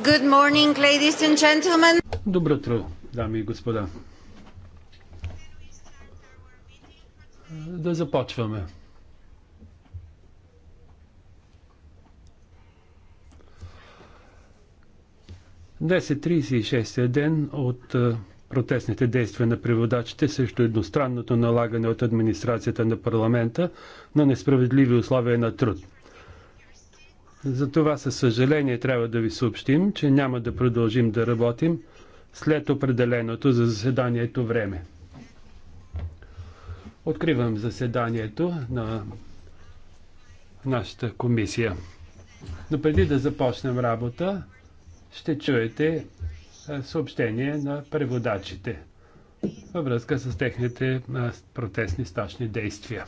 Good morning, ladies and gentlemen. Добро утро, дами и господа. Да започваме. Днес е 36-я ден от е, протестните действия на преводачите срещу едностранното налагане от администрацията на парламента на несправедливи условия на труд. За това със съжаление трябва да ви съобщим, че няма да продължим да работим след определеното за заседанието време. Откривам заседанието на нашата комисия. Но преди да започнем работа, ще чуете е, съобщение на преводачите във връзка с техните е, протестни стачни действия.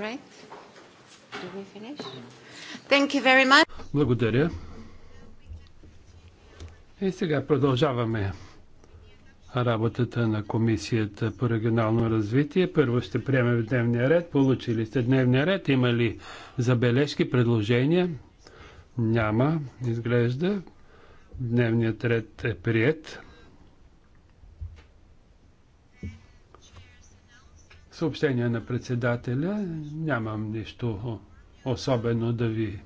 Right. Thank you very much. Благодаря. И сега продължаваме работата на Комисията по регионално развитие. Първо ще приемем дневния ред. Получили сте дневния ред. Има ли забележки, предложения? Няма. Изглежда. Дневният ред е прият. Съобщение на председателя. Нямам нищо особено да ви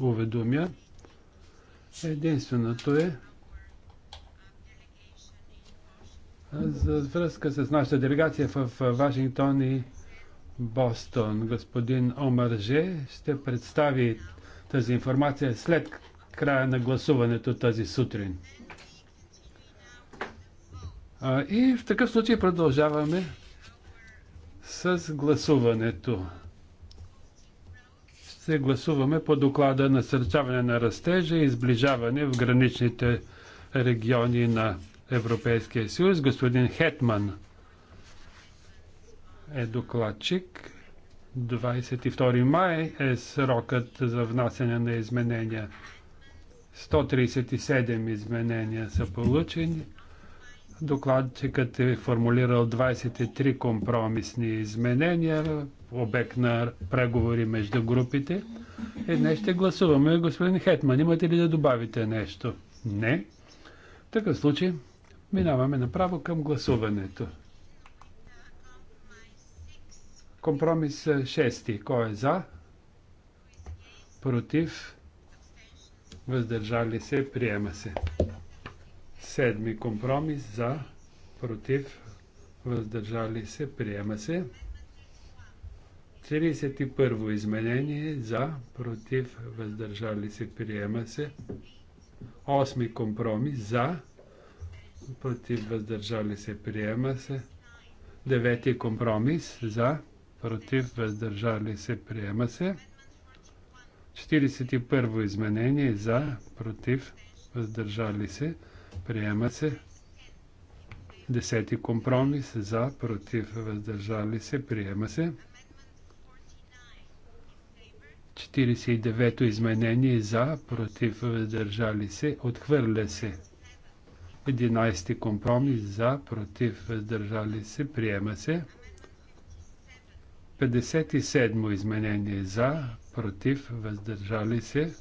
уведомя. Единственото е за връзка с нашата делегация в Вашингтон и Бостон. Господин Омърже ще представи тази информация след края на гласуването тази сутрин. И в такъв случай продължаваме с гласуването. Ще гласуваме по доклада на сърчаване на растежа и сближаване в граничните региони на Европейския съюз. Господин Хетман е докладчик. 22 май е срокът за внасяне на изменения. 137 изменения са получени. Докладчикът е формулирал 23 компромисни изменения, обект на преговори между групите. И е, днес ще гласуваме. Господин Хетман, имате ли да добавите нещо? Не. В такъв случай минаваме направо към гласуването. Компромис 6. Кой е за? Против? Въздържали се? Приема се. Седми компромис за, против, въздържали се, приема се. 31 изменение за, против, въздържали се, приема се. Осми компромис за, против, въздържали се, приема се. Девети компромис за, против, въздържали се, приема се. 41 изменение за, против, въздържали се, приема се. Приема се. Десети компромис за, против, въздържали се. Приема се. 49-то изменение за, против, въздържали се. Отхвърля се. 11 компромис за, против, въздържали се. Приема се. 57 изменение за, против, въздържали се.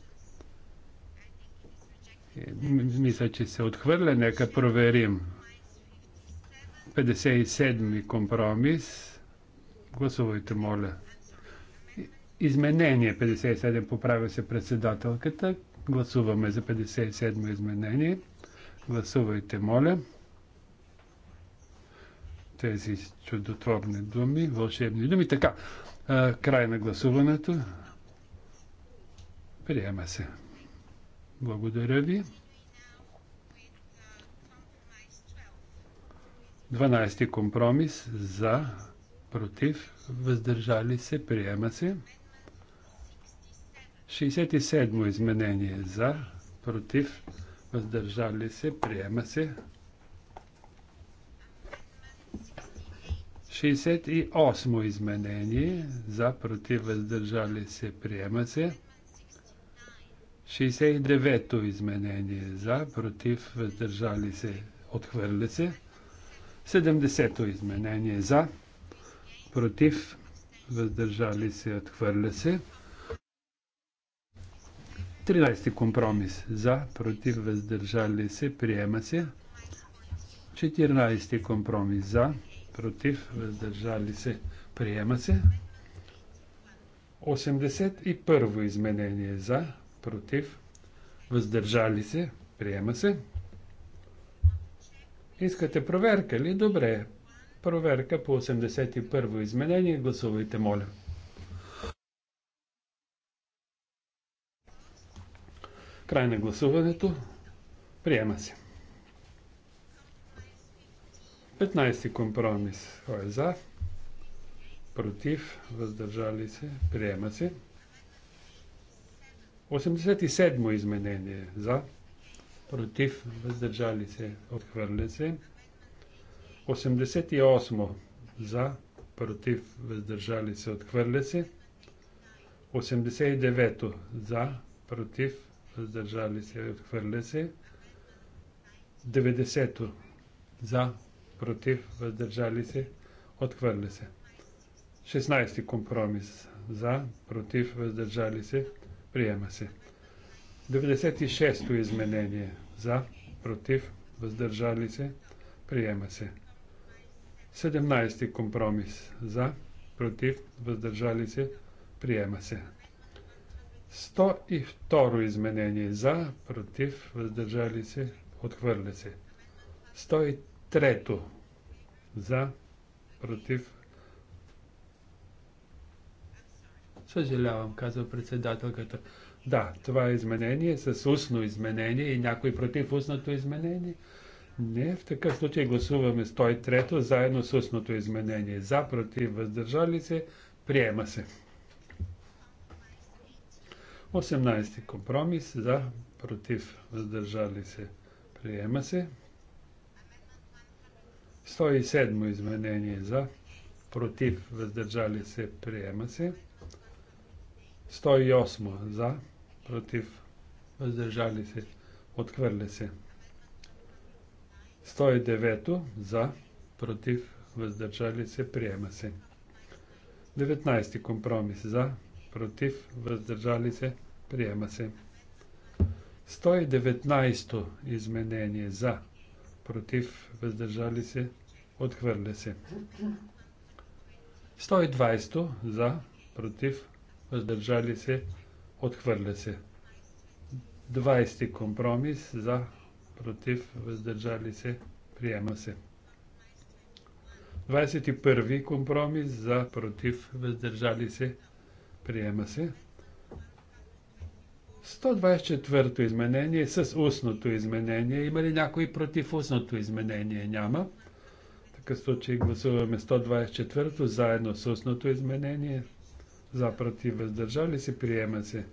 Мисля, че се отхвърля. Нека проверим. 57-ми компромис. Гласувайте, моля. Изменение 57 поправя се председателката. Гласуваме за 57 изменение. Гласувайте, моля. Тези чудотворни думи, вълшебни думи. Така, край на гласуването. Приема се. Благодаря ви. 12 ти компромис за, против, въздържали се, приема се. 67 изменение за, против, въздържали се, приема се. 68 изменение за, против, въздържали се, приема се. 69-то изменение за, против, въздържали се, отхвърля се. 70-то изменение за, против, въздържали се, отхвърля се. 13 компромис за, против, въздържали се, приема се. 14 компромис за, против, въздържали се, приема се. 81 изменение за, против, въздържали се, приема се. Искате проверка ли? Добре. Проверка по 81-во изменение. Гласувайте, моля. Край на гласуването. Приема се. 15 компромис. Кой е за? Против? Въздържали се? Приема се. 87 изменение за, против, въздържали се, отхвърля се. 88 за, против, въздържали се, отхвърля се. 89 за, против, въздържали се, отхвърля се. 90 за, против, въздържали се, отхвърля се. 16 компромис за, против, въздържали се, Приема се. 96-то изменение. За, против, въздържали се. Приема се. 17-ти компромис. За, против, въздържали се. Приема се. 102 изменение. За, против, въздържали се. Отхвърля се. 103 за, против, Съжалявам, казва председателката. Да, това е изменение с устно изменение и някой против устното изменение. Не, в такъв случай гласуваме 103-то заедно с устното изменение. За, против, въздържали се, приема се. 18 компромис за, против, въздържали се, приема се. 107 изменение за, против, въздържали се, приема се. 108 за, против, въздържали се, отхвърля се. 109 за, против, въздържали се, приема се. 19 компромис за, против, въздържали се, приема се. 119 изменение за, против, въздържали се, отхвърля се. 120 за, против, въздържали се, отхвърля се. 20 компромис за, против, въздържали се, приема се. 21 компромис за, против, въздържали се, приема се. 124 изменение с устното изменение. Има ли някой против устното изменение? Няма. В такъв случай гласуваме 124-то заедно с устното изменение за против въздържали се приема се.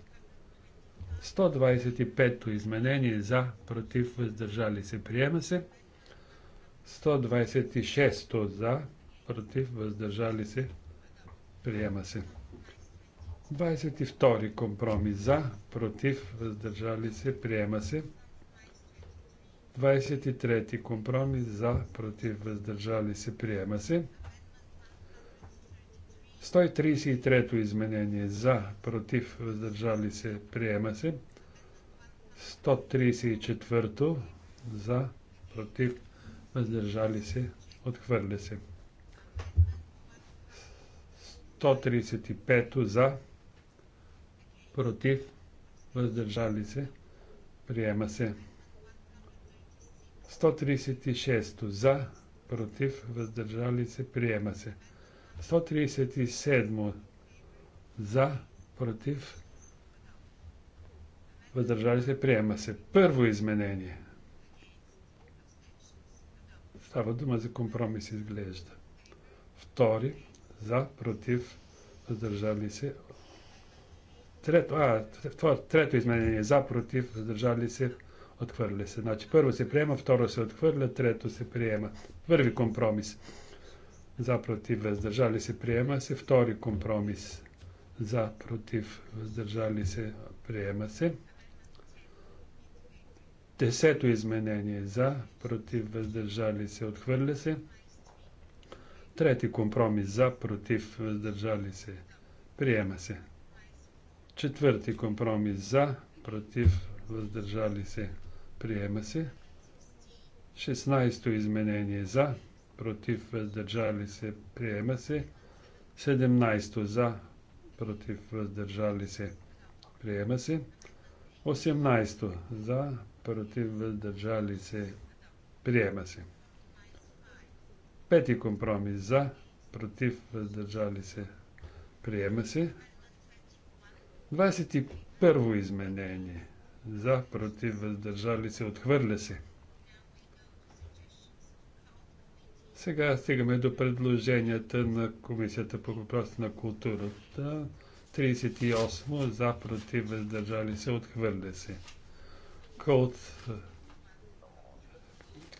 125-то изменение за против въздържали се приема се. 126-то за против въздържали се приема се. 22 компромис за против въздържали се приема се. 23 компромис за против въздържали се приема се. 133-то изменение за, против, въздържали се, приема се. 134-то за, против, въздържали се, отхвърля се. 135-то за, против, въздържали се, приема се. 136-то за, против, въздържали се, приема се. 137 за, против, въздържали се, приема се. Първо изменение. Става дума за компромис, изглежда. Втори, за, против, въздържали се. Трето, а, това, трето изменение, за, против, въздържали се, отхвърля се. Значи първо се приема, второ се отхвърля, трето се приема. Първи компромис за против въздържали се приема се. Втори компромис за против въздържали се приема се. Десето изменение за против въздържали се отхвърля се. Трети компромис за против въздържали се приема се. Четвърти компромис за против въздържали се приема се. 16 изменение за против, въздържали се, приема се. 17 за, против, въздържали се, приема се. 18 за, против, въздържали се, приема се. Пети компромис за, против, въздържали се, приема се. 21 изменение за, против, въздържали се, отхвърля се. Сега стигаме до предложенията на Комисията по въпроси на културата. 38 за, против, въздържали се, отхвърля се. Код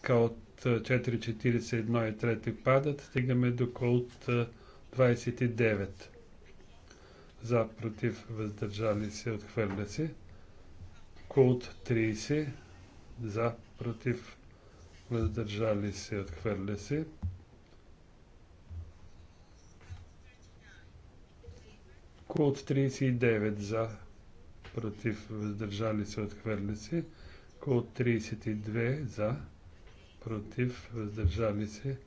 Код 4.41 и 3 падат, стигаме до Код 29. За, против, въздържали се, отхвърля се. Код 30 за, против, въздържали се, отхвърля се. Код 39 за, против, въздържали се, отхвърля се. Код 32 за, против, въздържали се,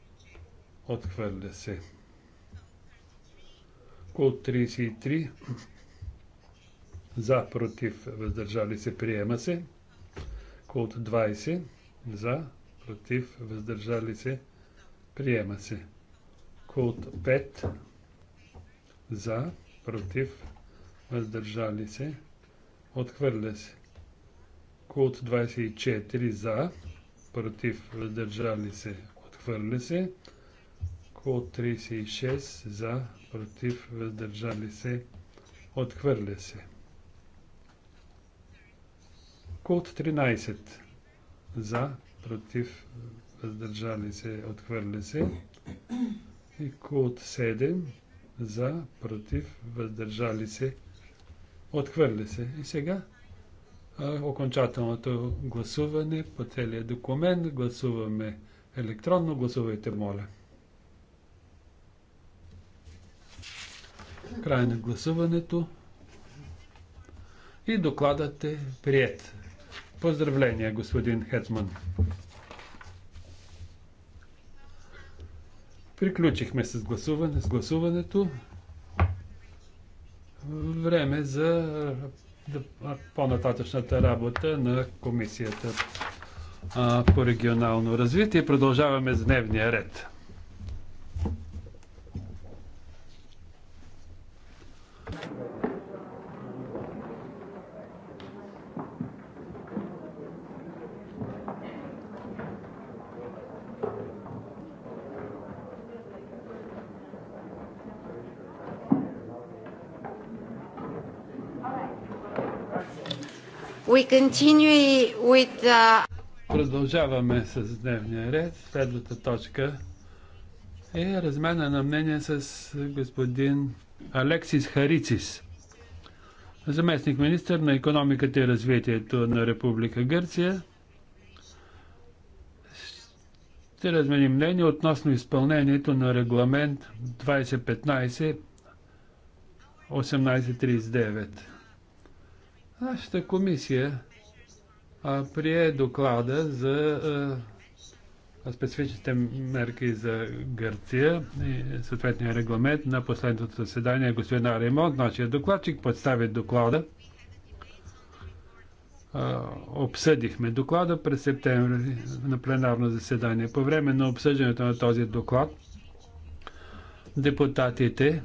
отхвърля се. Код 33 за, против, въздържали се, приема се. Код 20 за, против, въздържали се, приема се. Култ 5 за, против, въздържали се, отхвърля се. Култ 24 за, против, въздържали се, отхвърля се. Култ 36 за, против, въздържали се, отхвърля се. Култ 13 за, против, въздържали се, отхвърля се. И култ 7 за, против, въздържали се, отхвърля се. И сега а, окончателното гласуване по целия документ. Гласуваме електронно. Гласувайте, моля. Край на гласуването. И докладът е прият. Поздравления, господин Хетман. Приключихме с, гласуване, с гласуването. Време за по-нататъчната работа на Комисията по регионално развитие. Продължаваме с дневния ред. We continue with uh, Продължаваме с дневния ред. Следвата точка е размена на мнение с господин Алексис Харицис, заместник министр на економиката и развитието на Република Гърция. Ще разменим мнение относно изпълнението на регламент 2015 1839. Нашата комисия а, прие доклада за а, специфичните мерки за Гърция и съответния регламент на последното заседание. Господин Аремонт, нашия докладчик, представи доклада. А, обсъдихме доклада през септември на пленарно заседание. По време на обсъждането на този доклад депутатите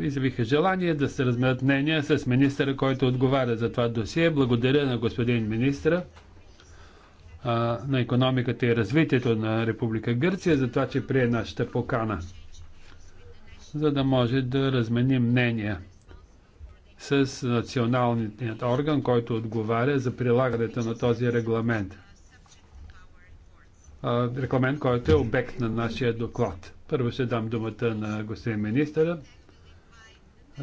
изявиха желание да се разменят мнения с министъра, който отговаря за това досие. Благодаря на господин министра на економиката и развитието на Република Гърция за това, че прие нашата покана, за да може да разменим мнения с националният орган, който отговаря за прилагането на този регламент. Регламент, който е обект на нашия доклад. Първо ще дам думата на господин министъра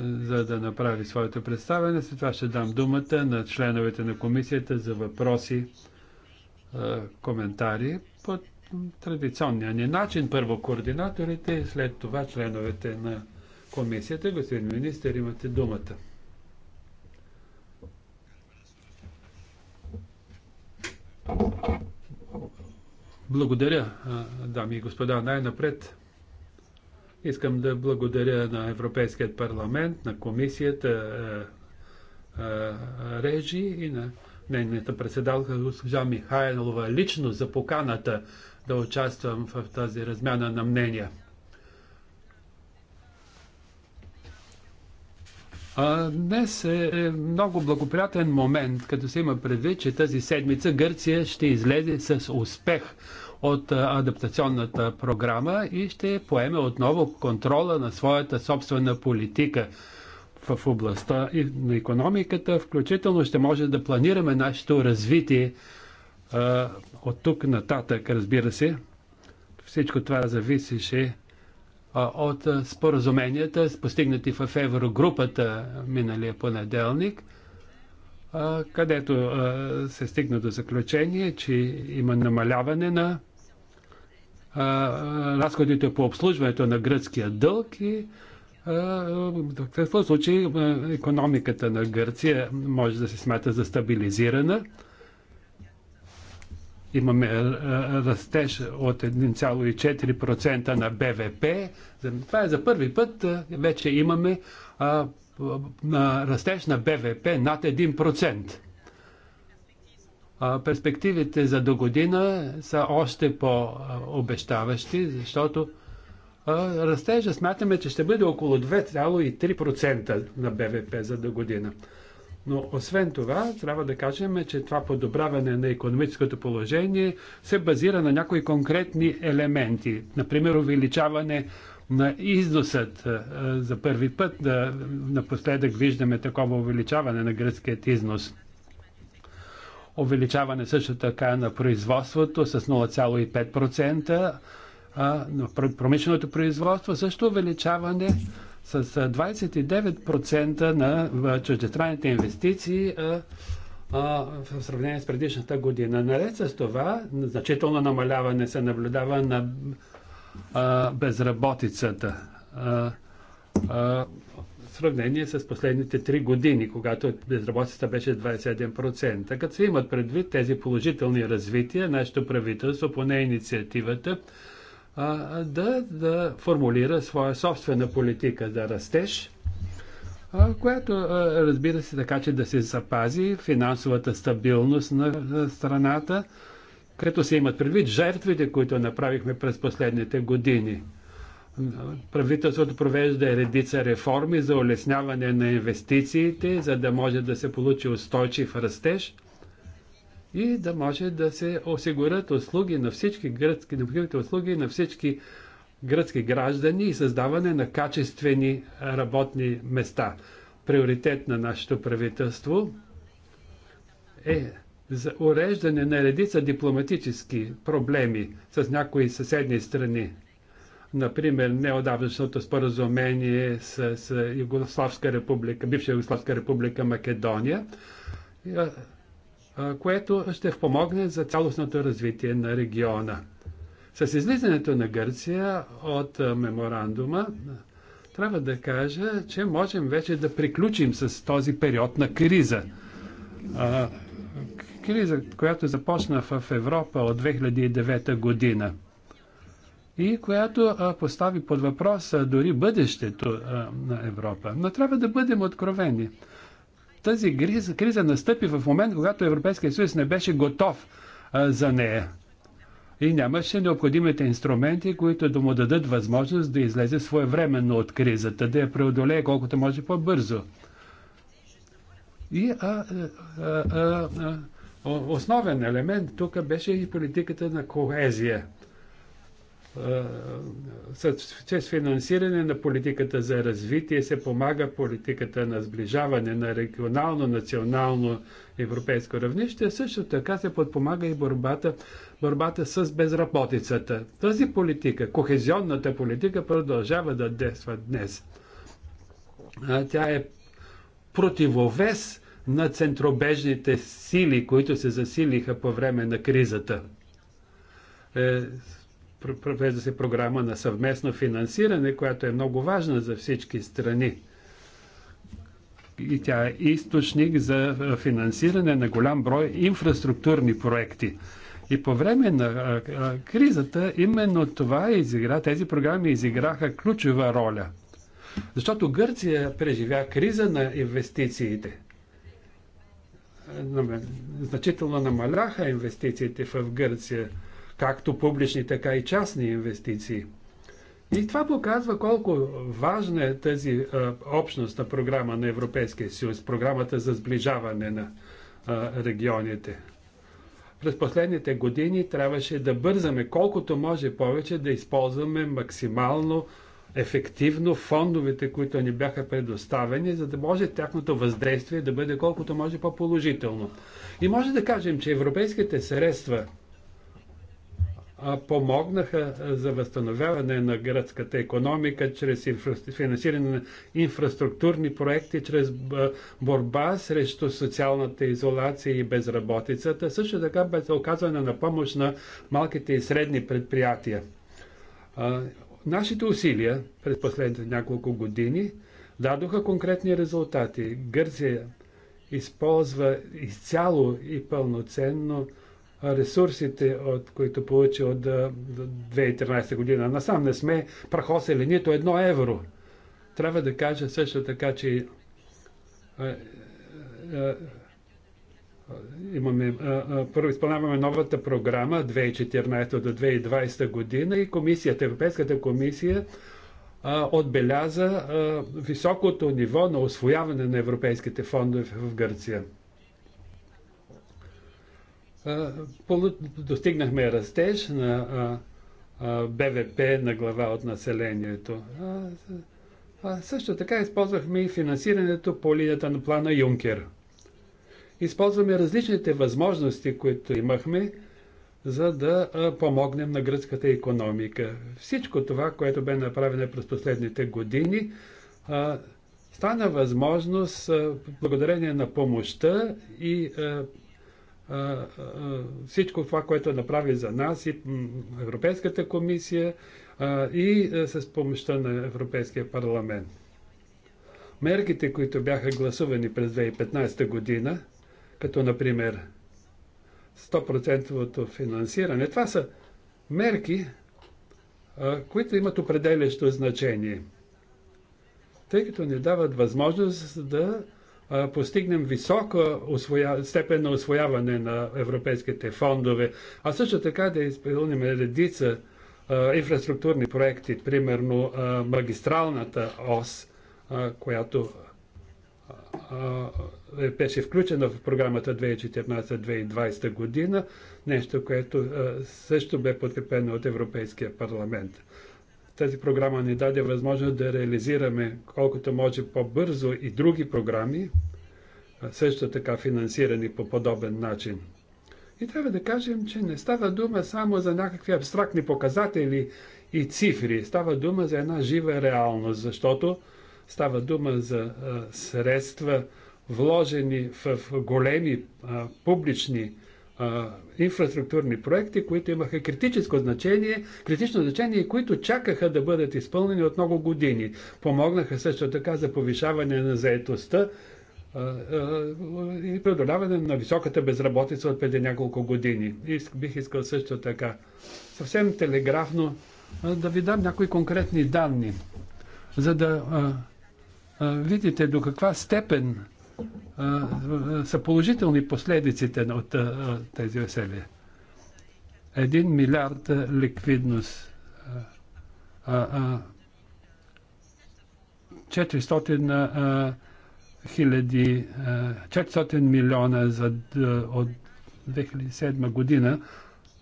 за да направи своето представяне. След това ще дам думата на членовете на комисията за въпроси, коментари по традиционния ни начин. Първо координаторите, след това членовете на комисията. Господин министр, имате думата. Благодаря, дами и господа. Най-напред Искам да благодаря на Европейският парламент, на комисията е, е, Режи и на нейната председателка госпожа Михайлова лично за поканата да участвам в тази размяна на мнения. Днес е, е много благоприятен момент, като се има предвид, че тази седмица Гърция ще излезе с успех от адаптационната програма и ще поеме отново контрола на своята собствена политика в областта на економиката, включително ще може да планираме нашето развитие а, от тук нататък, разбира се. Всичко това зависеше а, от споразуменията, постигнати в Еврогрупата миналия понеделник – където се стигна до заключение, че има намаляване на разходите по обслужването на гръцкия дълг и в такъв случай економиката на Гърция може да се смята за стабилизирана. Имаме растеж от 1,4% на БВП. Това е за първи път. Вече имаме на растеж на БВП над 1%. Перспективите за до година са още по-обещаващи, защото растежа смятаме, че ще бъде около 2,3% на БВП за до година. Но освен това, трябва да кажем, че това подобряване на економическото положение се базира на някои конкретни елементи. Например, увеличаване на износът. За първи път напоследък виждаме такова увеличаване на гръцкият износ. Увеличаване също така на производството с 0,5%, на промишленото производство също увеличаване с 29% на чуждестранните инвестиции в сравнение с предишната година. Наред с това, значително намаляване се наблюдава на а, безработицата. А, а, в сравнение с последните три години, когато безработицата беше 27%. Като се имат предвид тези положителни развития, нашето правителство поне инициативата а, да, да формулира своя собствена политика за да растеж, а, която а, разбира се така, че да се запази финансовата стабилност на страната, като се имат предвид жертвите, които направихме през последните години. Правителството провежда редица реформи за улесняване на инвестициите, за да може да се получи устойчив растеж и да може да се осигурят услуги на всички гръцки, необходимите услуги на всички гръцки граждани и създаване на качествени работни места. Приоритет на нашето правителство е за уреждане на редица дипломатически проблеми с някои съседни страни. Например, неодавнашното споразумение с, с Югославска република, бивша Югославска република Македония, което ще помогне за цялостното развитие на региона. С излизането на Гърция от меморандума, трябва да кажа, че можем вече да приключим с този период на криза криза, която започна в Европа от 2009 година и която а, постави под въпрос а, дори бъдещето а, на Европа. Но трябва да бъдем откровени. Тази криза, криза настъпи в момент, когато Европейския съюз не беше готов а, за нея. И нямаше необходимите инструменти, които да му дадат възможност да излезе своевременно от кризата, да я преодолее колкото може по-бързо. И а, а, а, а, Основен елемент тук беше и политиката на коезия. С финансиране на политиката за развитие се помага политиката на сближаване на регионално, национално, европейско равнище. Също така се подпомага и борбата, борбата с безработицата. Тази политика, кохезионната политика, продължава да действа днес. Тя е противовес на центробежните сили, които се засилиха по време на кризата. Е, провежда се програма на съвместно финансиране, която е много важна за всички страни. И тя е източник за финансиране на голям брой инфраструктурни проекти. И по време на а, а, кризата именно това изигра, тези програми изиграха ключова роля. Защото Гърция преживя криза на инвестициите значително намаляха инвестициите в Гърция, както публични, така и частни инвестиции. И това показва колко важна е тази а, общностна програма на Европейския съюз, програмата за сближаване на а, регионите. През последните години трябваше да бързаме колкото може повече да използваме максимално ефективно фондовете, които ни бяха предоставени, за да може тяхното въздействие да бъде колкото може по-положително. И може да кажем, че европейските средства помогнаха за възстановяване на гръцката економика чрез финансиране на инфраструктурни проекти, чрез борба срещу социалната изолация и безработицата. Също така без оказване на помощ на малките и средни предприятия. Нашите усилия през последните няколко години дадоха конкретни резултати. Гърция използва изцяло и пълноценно ресурсите, от които получи от 2013 година. Насам не сме прахосели нито едно евро. Трябва да кажа също така, че имаме, първо изпълняваме новата програма 2014 до 2020 година и комисията, Европейската комисия отбеляза високото ниво на освояване на европейските фондове в Гърция. Достигнахме растеж на БВП на глава от населението. също така използвахме и финансирането по линията на плана Юнкер – използваме различните възможности, които имахме, за да помогнем на гръцката економика. Всичко това, което бе направено през последните години, стана възможност благодарение на помощта и всичко това, което направи за нас и Европейската комисия и с помощта на Европейския парламент. Мерките, които бяха гласувани през 2015 година, като например 100% финансиране. Това са мерки, които имат определящо значение, тъй като ни дават възможност да постигнем висока степен на освояване на европейските фондове, а също така да изпълним редица инфраструктурни проекти, примерно магистралната ОС, която е, беше включено в програмата 2014-2020 година, нещо, което е, също бе подкрепено от Европейския парламент. Тази програма ни даде възможност да реализираме колкото може по-бързо и други програми, е, също така финансирани по подобен начин. И трябва да кажем, че не става дума само за някакви абстрактни показатели и цифри. Става дума за една жива реалност, защото става дума за средства, вложени в големи а, публични а, инфраструктурни проекти, които имаха критическо значение, критично значение и които чакаха да бъдат изпълнени от много години. Помогнаха също така за повишаване на заетостта и преодоляване на високата безработица от преди няколко години. И бих искал също така съвсем телеграфно да ви дам някои конкретни данни, за да а, а, видите до каква степен са положителни последиците от тези усилия. Един милиард ликвидност. 400 хиляди, 400 милиона за, от 2007 година,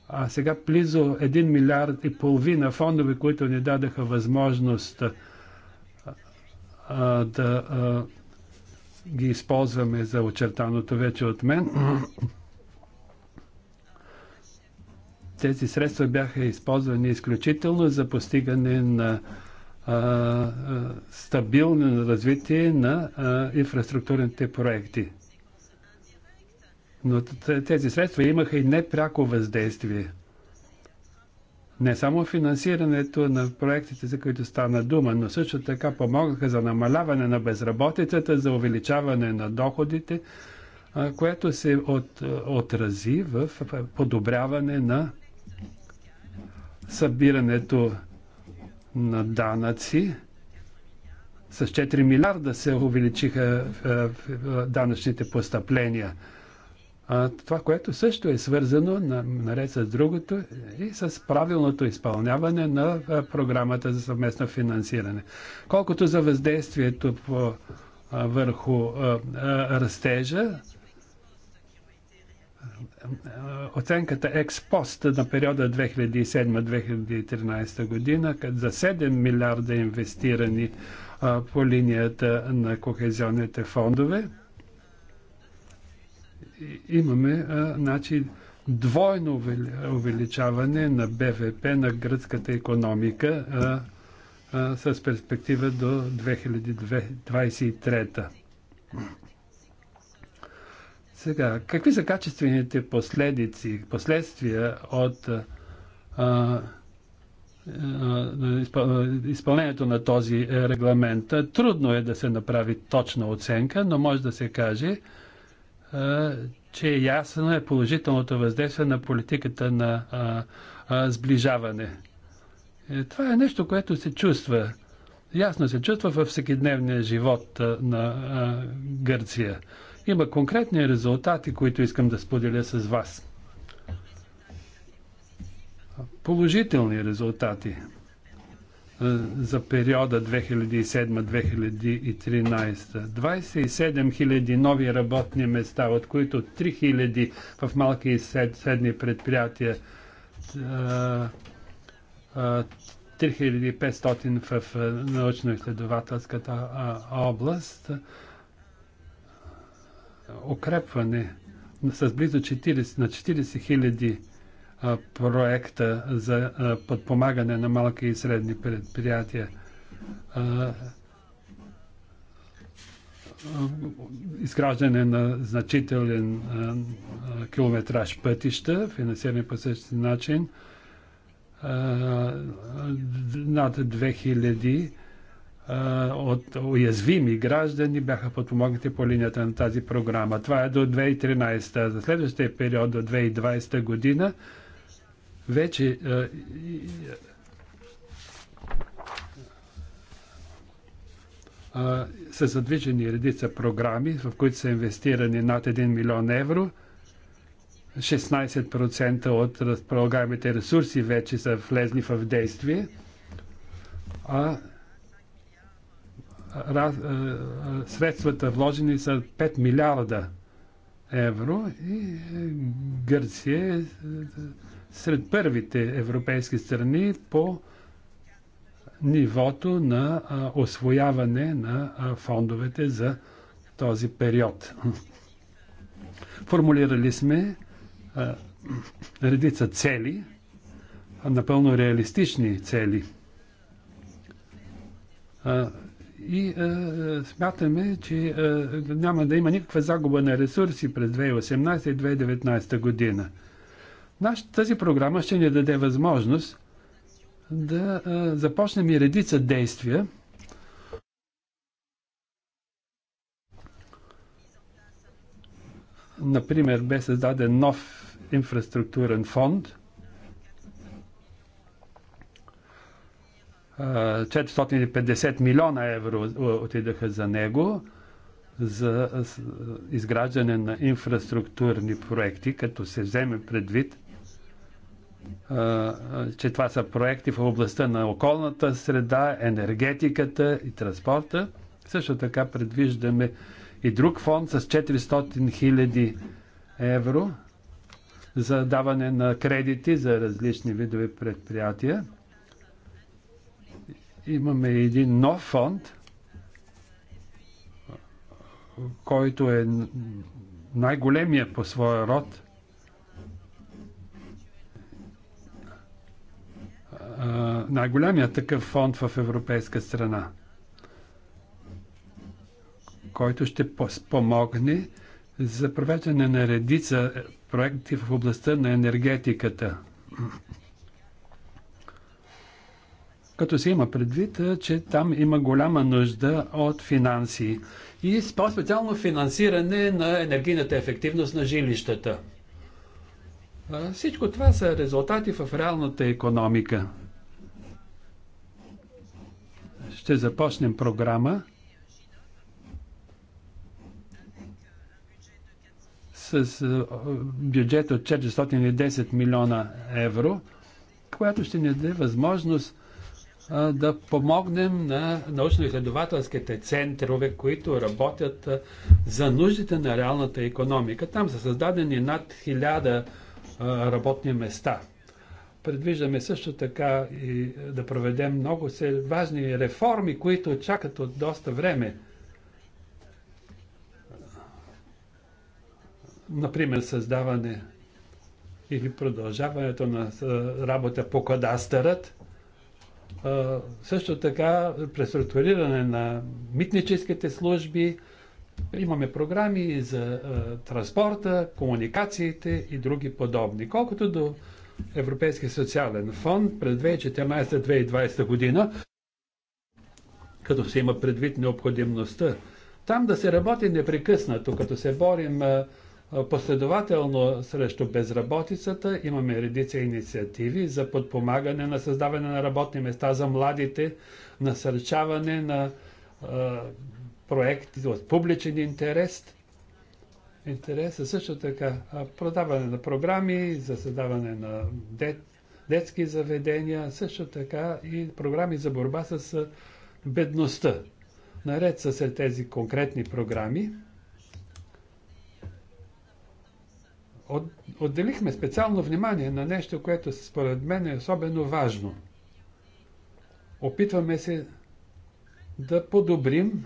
а сега близо 1 милиард и половина фондове, които ни дадаха възможност а, да а, ги използваме за очертаното вече от мен. Тези средства бяха използвани изключително за постигане на а, стабилно развитие на а, инфраструктурните проекти. Но тези средства имаха и непряко въздействие – не само финансирането на проектите, за които стана дума, но също така помогнаха за намаляване на безработицата, за увеличаване на доходите, което се от, отрази в подобряване на събирането на данъци. С 4 милиарда се увеличиха данъчните постъпления. А, това, което също е свързано, на, наред с другото, е и с правилното изпълняване на а, програмата за съвместно финансиране. Колкото за въздействието по, а, върху а, а, растежа, оценката експост на периода 2007-2013 година за 7 милиарда инвестирани по линията на кохезионните фондове – имаме значи, двойно увеличаване на БВП на гръцката економика с перспектива до 2023. Сега, какви са качествените последици, последствия от а, изпълнението на този е, регламент. Трудно е да се направи точна оценка, но може да се каже, че е ясно е положителното въздействие на политиката на а, а, сближаване. Е, това е нещо, което се чувства. Ясно се чувства във всекидневния живот на а, Гърция. Има конкретни резултати, които искам да споделя с вас. Положителни резултати за периода 2007-2013. 27 000 нови работни места, от които 3 000 в малки и средни предприятия, 3500 в научно-изследователската област, укрепване с близо 40, на 40 000 проекта за подпомагане на малки и средни предприятия. Изграждане на значителен километраж пътища, финансиране по същия начин, над 2000 от уязвими граждани бяха подпомогнати по линията на тази програма. Това е до 2013. За следващия период до 2020 година вече са задвижени редица програми, в които са инвестирани над 1 милион евро. 16% от разполагаемите ресурси вече са влезни в действие, а раз, средствата вложени са 5 милиарда евро и е, Гърция е, е, сред първите европейски страни по нивото на а, освояване на а, фондовете за този период. Формулирали сме а, редица цели, напълно реалистични цели. И смятаме, че няма да има никаква загуба на ресурси през 2018 и 2019 година. Наш, тази програма ще ни даде възможност да а, започнем и редица действия, Например, бе създаден нов инфраструктурен фонд. 450 милиона евро отидаха за него, за изграждане на инфраструктурни проекти, като се вземе предвид че това са проекти в областта на околната среда, енергетиката и транспорта. Също така предвиждаме и друг фонд с 400 хиляди евро за даване на кредити за различни видове предприятия. Имаме един нов фонд, който е най-големия по своя род най голямия такъв фонд в европейска страна, който ще помогне за провеждане на редица е, проекти в областта на енергетиката. Като се има предвид, че там има голяма нужда от финанси и по-специално финансиране на енергийната ефективност на жилищата. Всичко това са резултати в реалната економика ще започнем програма с е, бюджет от 410 милиона евро, която ще ни даде възможност е, да помогнем на научно-изследователските центрове, които работят е, за нуждите на реалната економика. Там са създадени над 1000 работни места – Предвиждаме също така и да проведем много важни реформи, които чакат от доста време. Например, създаване или продължаването на работа по кадастърът, също така преструктуриране на митническите служби, имаме програми за транспорта, комуникациите и други подобни. Колкото до Европейски социален фонд през 2014-2020 година, като се има предвид необходимостта там да се работи непрекъснато, като се борим последователно срещу безработицата, имаме редица инициативи за подпомагане на създаване на работни места за младите, насърчаване на проекти от публичен интерес интереса. Също така продаване на програми за създаване на дет, детски заведения, също така и програми за борба с бедността. Наред са се тези конкретни програми, от, отделихме специално внимание на нещо, което според мен е особено важно. Опитваме се да подобрим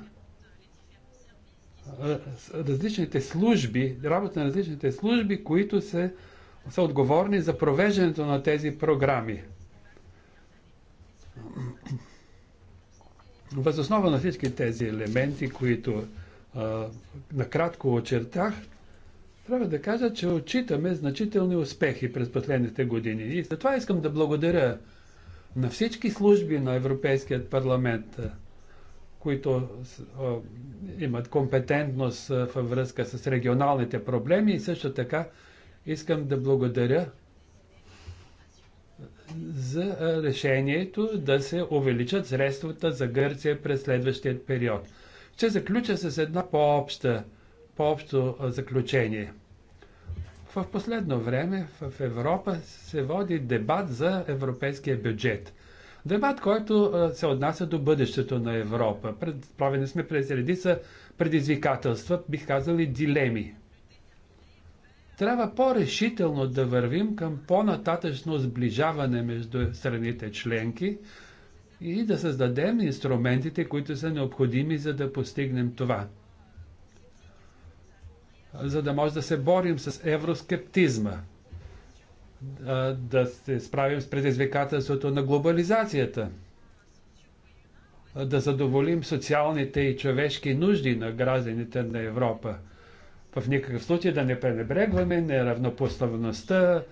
различните служби, работа на различните служби, които се, са отговорни за провеждането на тези програми. Възоснова на всички тези елементи, които а, накратко очертах, трябва да кажа, че отчитаме значителни успехи през последните години. И за това искам да благодаря на всички служби на Европейският парламент, които имат компетентност във връзка с регионалните проблеми и също така искам да благодаря за решението да се увеличат средствата за Гърция през следващия период. Ще заключа с една по-обща, по-общо заключение. В последно време в Европа се води дебат за европейския бюджет. Дебат, който се отнася до бъдещето на Европа. Правени сме през редица предизвикателства, бих казали дилеми. Трябва по-решително да вървим към по-нататъчно сближаване между страните членки и да създадем инструментите, които са необходими, за да постигнем това. За да може да се борим с евроскептизма да се справим с предизвикателството на глобализацията, да задоволим социалните и човешки нужди на гражданите на Европа. В никакъв случай да не пренебрегваме неравнопоставеността,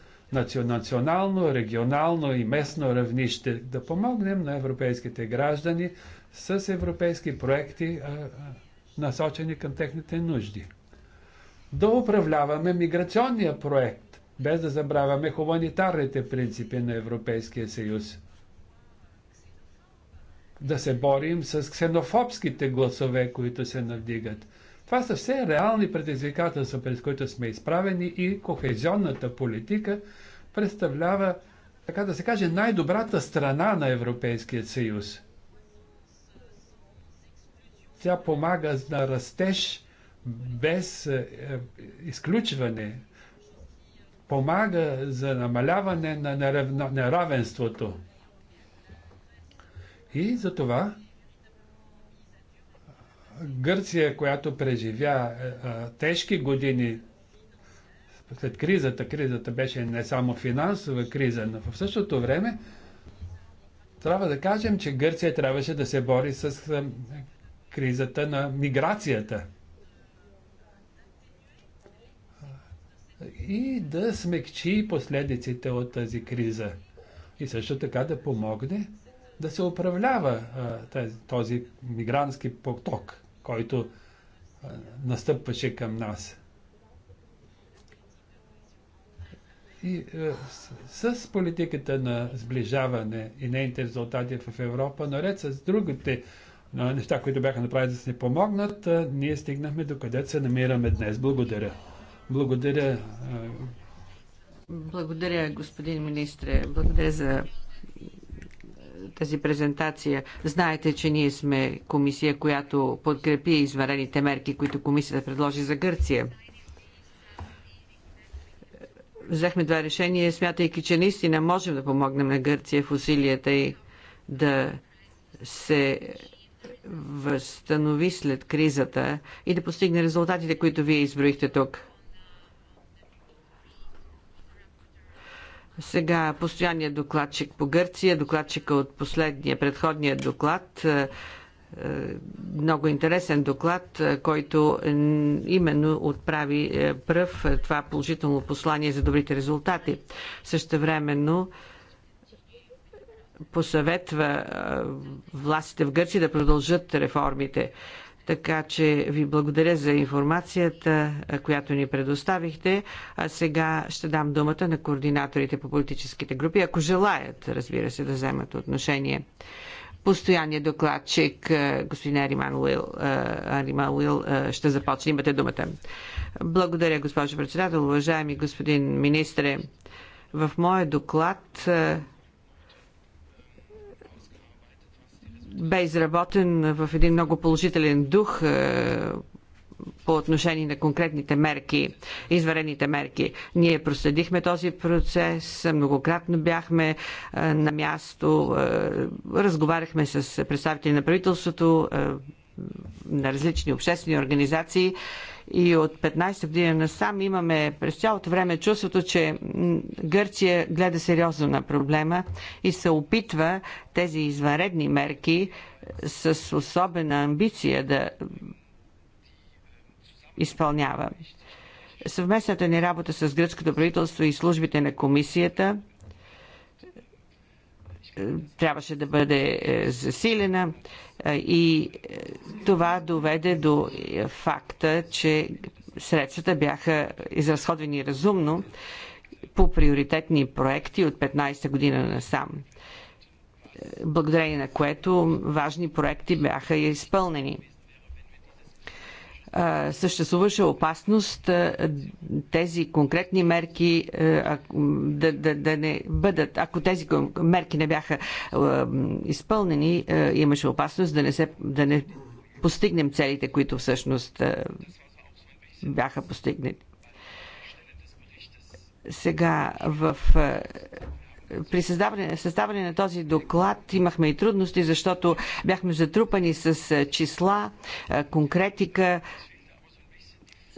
национално, регионално и местно равнище, да помогнем на европейските граждани с европейски проекти, насочени към техните нужди. Да управляваме миграционния проект, без да забравяме хуманитарните принципи на Европейския съюз. Да се борим с ксенофобските гласове, които се надигат. Това са все реални предизвикателства, пред които сме изправени и кохезионната политика представлява, така да се каже, най-добрата страна на Европейския съюз. Тя помага на растеж без е, изключване, помага за намаляване на неравенството. И за това Гърция, която преживя е, е, тежки години след кризата, кризата беше не само финансова криза, но в същото време трябва да кажем, че Гърция трябваше да се бори с е, кризата на миграцията. и да смекчи последиците от тази криза. И също така да помогне да се управлява а, този мигрантски поток, който а, настъпваше към нас. И с, с политиката на сближаване и нейните резултати в Европа, наред с другите неща, които бяха направени да се помогнат, ние стигнахме до където се намираме днес. Благодаря. Благодаря. Благодаря, господин министре. Благодаря за тази презентация. Знаете, че ние сме комисия, която подкрепи изварените мерки, които комисията предложи за Гърция. Взехме два решения, смятайки, че наистина можем да помогнем на Гърция в усилията и да се възстанови след кризата и да постигне резултатите, които вие изброихте тук. Сега постоянният докладчик по Гърция, докладчика от последния, предходния доклад, е, е, много интересен доклад, е, който именно отправи пръв това положително послание за добрите резултати. Също времено посъветва властите в Гърция да продължат реформите. Така че ви благодаря за информацията, която ни предоставихте. А сега ще дам думата на координаторите по политическите групи, ако желаят, разбира се, да вземат отношение. Постоянният докладчик, господин Ариман Уил, Ариман Уил ще започне. Имате думата. Благодаря, госпожо председател. Уважаеми господин министре, в моя доклад бе изработен в един много положителен дух е, по отношение на конкретните мерки, изварените мерки. Ние проследихме този процес, многократно бяхме е, на място, е, разговаряхме с представители на правителството, на различни обществени организации и от 15 година насам имаме през цялото време чувството, че Гърция гледа сериозно на проблема и се опитва тези извънредни мерки с особена амбиция да изпълнява. Съвместната ни работа с гръцкото правителство и службите на комисията е, трябваше да бъде е, засилена и е, това доведе до е, факта, че средствата бяха изразходвани разумно по приоритетни проекти от 15-та година насам. Е, благодарение на което важни проекти бяха изпълнени съществуваше опасност тези конкретни мерки да, да, да не бъдат, ако тези мерки не бяха изпълнени, имаше опасност да не, се, да не постигнем целите, които всъщност бяха постигнати. Сега в при създаване, съставане на този доклад имахме и трудности, защото бяхме затрупани с числа, конкретика,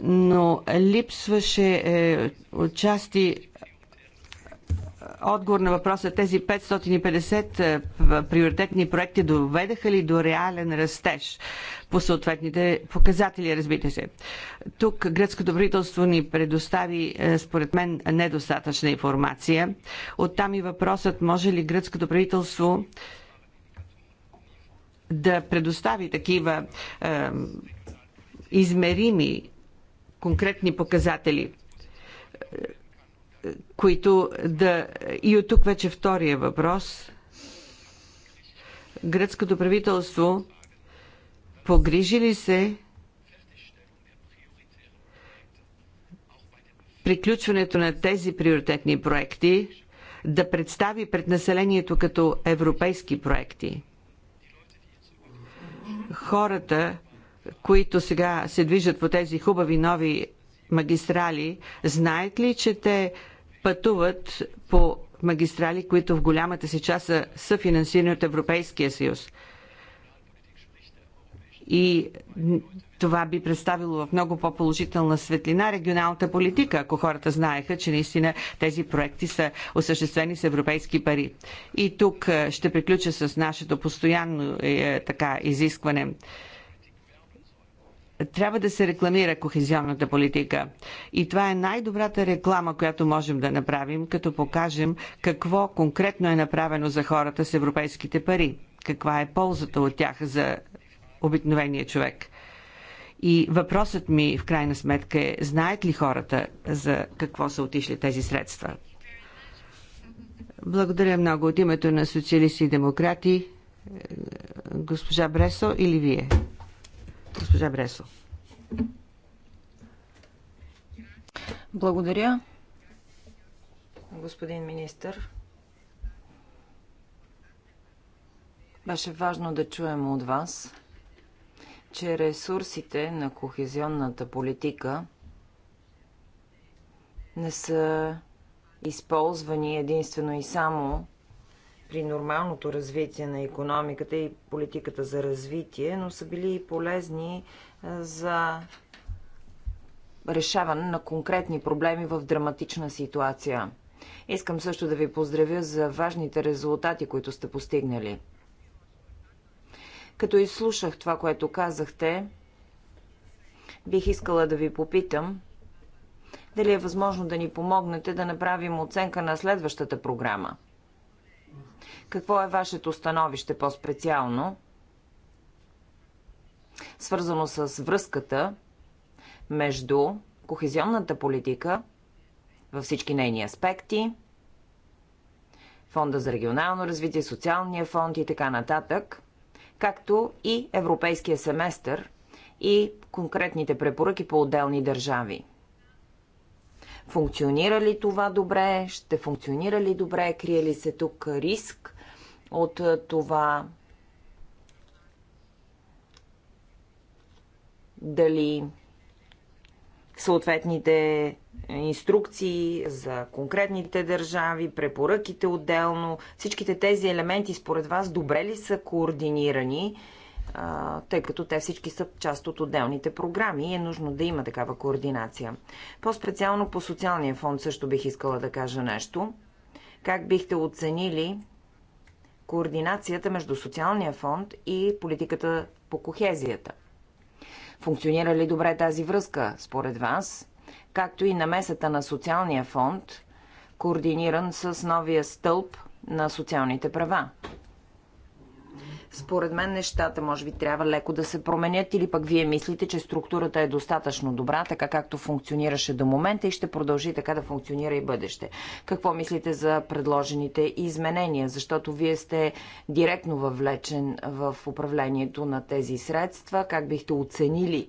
но липсваше е, отчасти отговор на въпроса тези 550 е, е, приоритетни проекти доведаха ли до реален растеж по съответните показатели, разбира се. Тук гръцкото правителство ни предостави, е, според мен, недостатъчна информация. Оттам и въпросът може ли гръцкото правителство да предостави такива е, измерими конкретни показатели които да... И от тук вече втория въпрос. Гръцкото правителство погрижи ли се приключването на тези приоритетни проекти да представи пред населението като европейски проекти. Хората, които сега се движат по тези хубави нови магистрали, знаят ли, че те пътуват по магистрали, които в голямата си част са, съфинансирани финансирани от Европейския съюз? И това би представило в много по-положителна светлина регионалната политика, ако хората знаеха, че наистина тези проекти са осъществени с европейски пари. И тук е, ще приключа с нашето постоянно е, е така изискване трябва да се рекламира кохезионната политика. И това е най-добрата реклама, която можем да направим, като покажем какво конкретно е направено за хората с европейските пари. Каква е ползата от тях за обикновения човек. И въпросът ми в крайна сметка е, знаят ли хората за какво са отишли тези средства? Благодаря много от името на социалисти и демократи. Е, госпожа Бресо или вие? Госпожа Бресо. Благодаря, господин министър. Беше важно да чуем от вас, че ресурсите на кохезионната политика не са използвани единствено и само при нормалното развитие на економиката и политиката за развитие, но са били и полезни е, за решаване на конкретни проблеми в драматична ситуация. Искам също да ви поздравя за важните резултати, които сте постигнали. Като изслушах това, което казахте, бих искала да ви попитам дали е възможно да ни помогнете да направим оценка на следващата програма – какво е вашето становище по-специално, свързано с връзката между кохезионната политика във всички нейни аспекти, Фонда за регионално развитие, Социалния фонд и така нататък, както и Европейския семестър и конкретните препоръки по отделни държави. Функционира ли това добре? Ще функционира ли добре? Крие ли се тук риск от е, това дали съответните инструкции за конкретните държави, препоръките отделно. Всичките тези елементи според вас добре ли са координирани, е, тъй като те всички са част от отделните програми и е нужно да има такава координация. По-специално по социалния фонд също бих искала да кажа нещо. Как бихте оценили координацията между социалния фонд и политиката по кохезията. Функционира ли добре тази връзка, според вас, както и намесата на социалния фонд, координиран с новия стълб на социалните права? Според мен нещата може би трябва леко да се променят или пък вие мислите, че структурата е достатъчно добра, така както функционираше до момента и ще продължи така да функционира и бъдеще. Какво мислите за предложените изменения? Защото вие сте директно въвлечен в управлението на тези средства. Как бихте оценили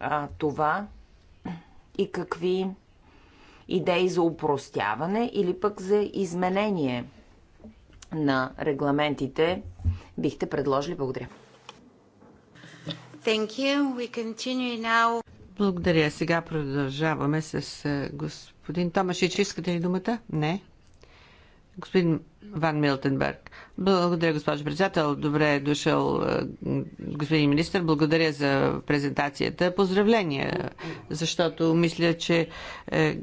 а, това и какви идеи за упростяване или пък за изменение – на регламентите бихте предложили? Благодаря. Благодаря. Сега продължаваме с е, господин Томашич. Искате ли думата? Не. Господин Ван Милтенберг. Благодаря, госпожо председател. Добре е дошъл, е, господин министр. Благодаря за презентацията. Поздравления, защото мисля, че е,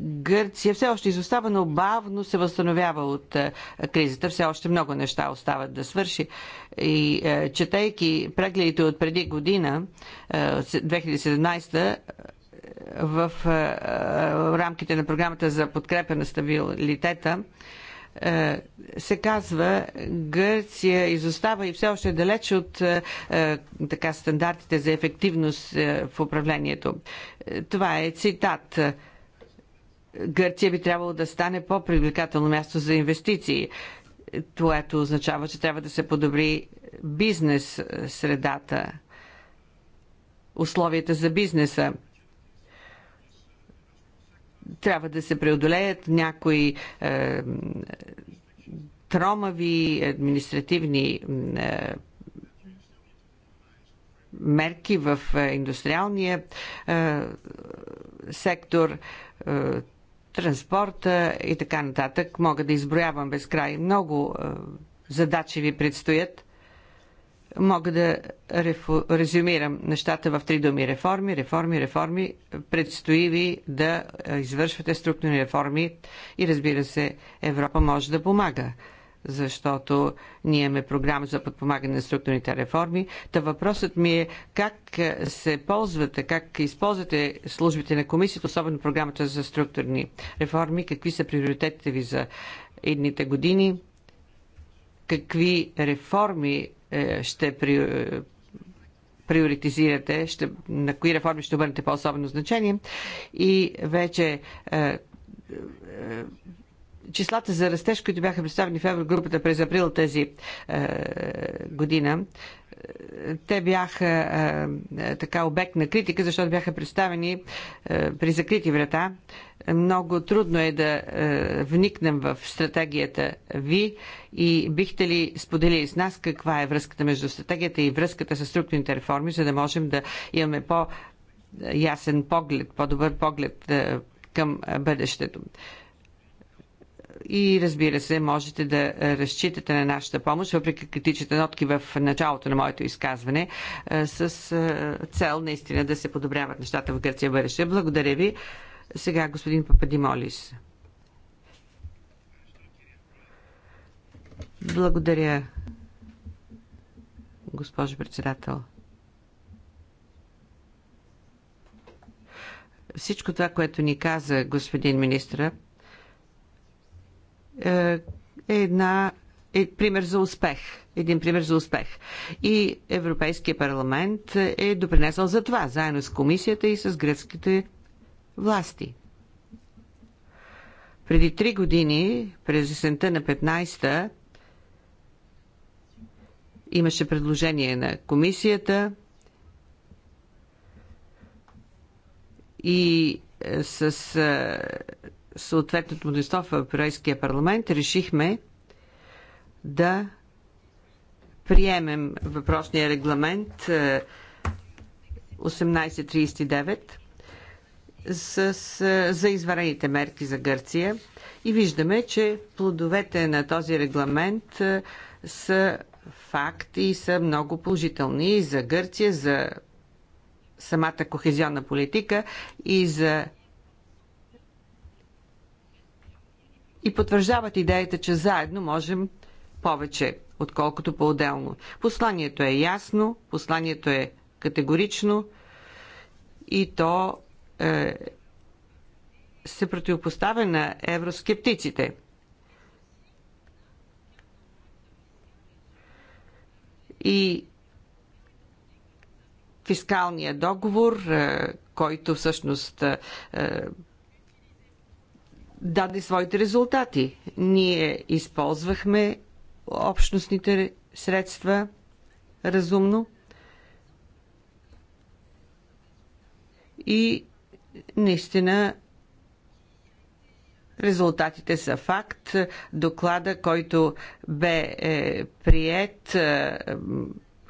Гърция все още изостава, но бавно се възстановява от е, кризата. Все още много неща остават да свърши. И е, четейки прегледите от преди година, 2017 е, в рамките на програмата за подкрепа на стабилитета, се казва, Гърция изостава и все още е далеч от така, стандартите за ефективност в управлението. Това е цитат. Гърция би трябвало да стане по-привлекателно място за инвестиции. Това означава, че трябва да се подобри бизнес средата, условията за бизнеса трябва да се преодолеят някои е, тромави административни е, мерки в е, индустриалния е, сектор. Е, транспорта и така нататък. Мога да изброявам безкрай. Много е, задачи ви предстоят. Мога да рефу... резюмирам нещата в три думи. Реформи, реформи, реформи. Предстои ви да е, извършвате структурни реформи и разбира се, Европа може да помага защото ние имаме програма за подпомагане на структурните реформи. Та въпросът ми е как се ползвате, как използвате службите на комисията, особено програмата за структурни реформи, какви са приоритетите ви за едните години, какви реформи е, ще при приоритизирате, ще, на кои реформи ще обърнете по-особено значение и вече е, е, числата за растеж, които бяха представени в Еврогрупата през април тази е, година, е, те бяха е, е, така обект на критика, защото бяха представени е, при закрити врата. Много трудно е да е, вникнем в стратегията ви и бихте ли споделили с нас каква е връзката между стратегията и връзката с структурните реформи, за да можем да имаме по ясен поглед, по-добър поглед е, към бъдещето и разбира се, можете да разчитате на нашата помощ, въпреки критичните нотки в началото на моето изказване, е, с е, цел наистина да се подобряват нещата в Гърция бъдеще. Благодаря ви. Сега господин Пападимолис. Благодаря, госпожо председател. Всичко това, което ни каза господин министра, е, е една е пример за успех. Един пример за успех. И Европейския парламент е допринесъл за това, заедно с комисията и с гръцките власти. Преди три години, през есента на 15-та, имаше предложение на комисията и е, с е, съответното мнозинство в Европейския парламент решихме да приемем въпросния регламент 1839 е, с, е, за изварените мерки за Гърция и виждаме, че плодовете на този регламент е, са факт и са много положителни за Гърция, за самата кохезионна политика и за и потвърждават идеята, че заедно можем повече, отколкото по-отделно. Посланието е ясно, посланието е категорично и то е, се противопоставя на евроскептиците. И фискалният договор, е, който всъщност е, даде своите резултати. Ние използвахме общностните средства разумно и наистина Резултатите са факт. Доклада, който бе е, прият е,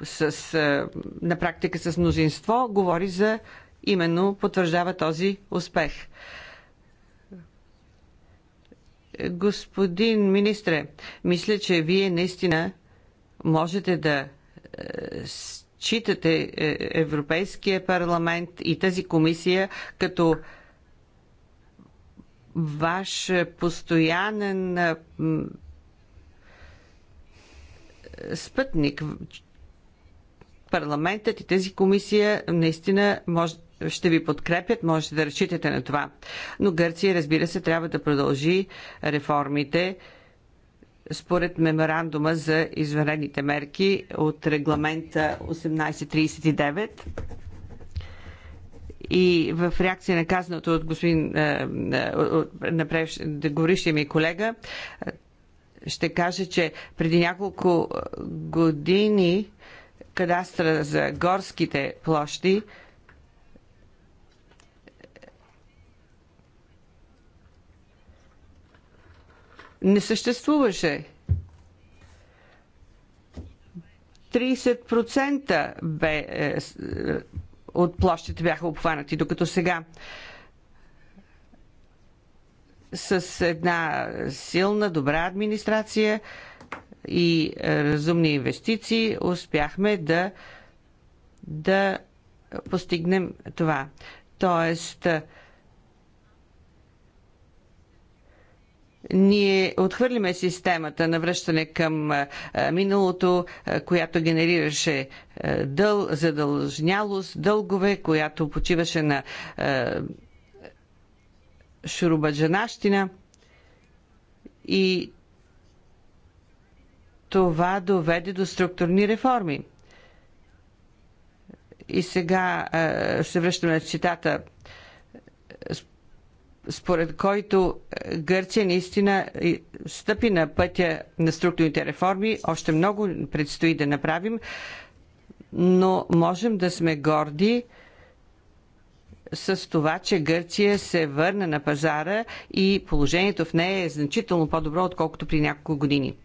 с, е, на практика с мнозинство, говори за именно потвърждава този успех. Господин министре, мисля, че вие наистина можете да е, считате е, Европейския парламент и тази комисия като ваш постоянен е, спътник. Парламентът и тази комисия наистина може ще ви подкрепят, можете да разчитате на това. Но Гърция, разбира се, трябва да продължи реформите според меморандума за извънредните мерки от регламента 1839 и в реакция на казаното от господин е, е, говорившия ми колега, ще кажа, че преди няколко години кадастра за горските площи не съществуваше. 30% бе, е, е, от площите бяха обхванати, докато сега с една силна, добра администрация и разумни инвестиции успяхме да, да постигнем това. Тоест, ние отхвърлиме системата на връщане към миналото, която генерираше дъл, задължнялост, дългове, която почиваше на шурубаджанащина и това доведе до структурни реформи. И сега ще се връщаме на цитата според който е, Гърция наистина е, стъпи на пътя на структурните реформи. Още много предстои да направим, но можем да сме горди с това, че Гърция се върна на пазара и положението в нея е значително по-добро, отколкото при няколко години.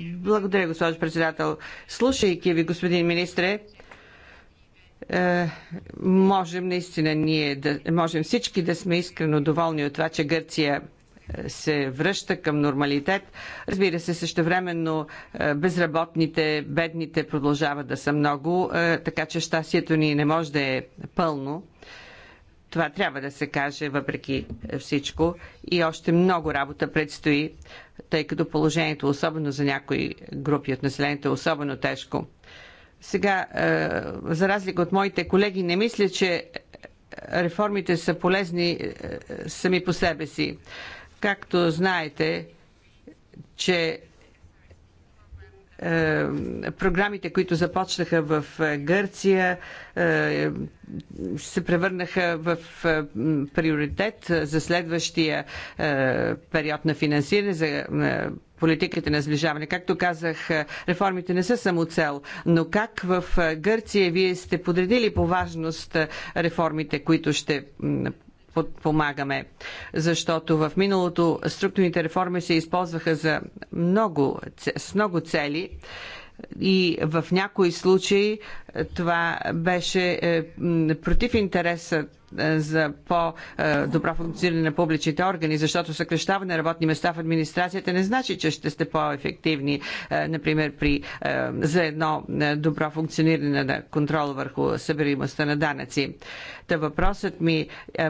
Благодаря, госпожо председател. Слушайки ви, господин министре, е, можем наистина ние да, можем всички да сме искрено доволни от това, че Гърция е, се връща към нормалитет. Разбира се, същевременно е, безработните, бедните продължават да са много, така че щастието ни не може да е пълно. Това трябва да се каже, въпреки всичко. И още много работа предстои, тъй като положението, особено за някои групи от населението, е особено тежко. Сега, е, за разлика от моите колеги, не мисля, че реформите са полезни е, сами по себе си. Както знаете, че е, програмите, които започнаха в е, Гърция, е, се превърнаха в приоритет за следващия период на финансиране, за политиката на сближаване. Както казах, реформите не са само цел, но как в Гърция вие сте подредили по важност реформите, които ще подпомагаме. Защото в миналото структурните реформи се използваха за много, с много цели и в някои случаи това беше е, против интереса е, за по-добро функциониране на публичните органи, защото съкрещаване на работни места в администрацията не значи, че ще сте по-ефективни, е, например, при, е, за едно добро функциониране на контрол върху събираемостта на данъци. Та въпросът ми,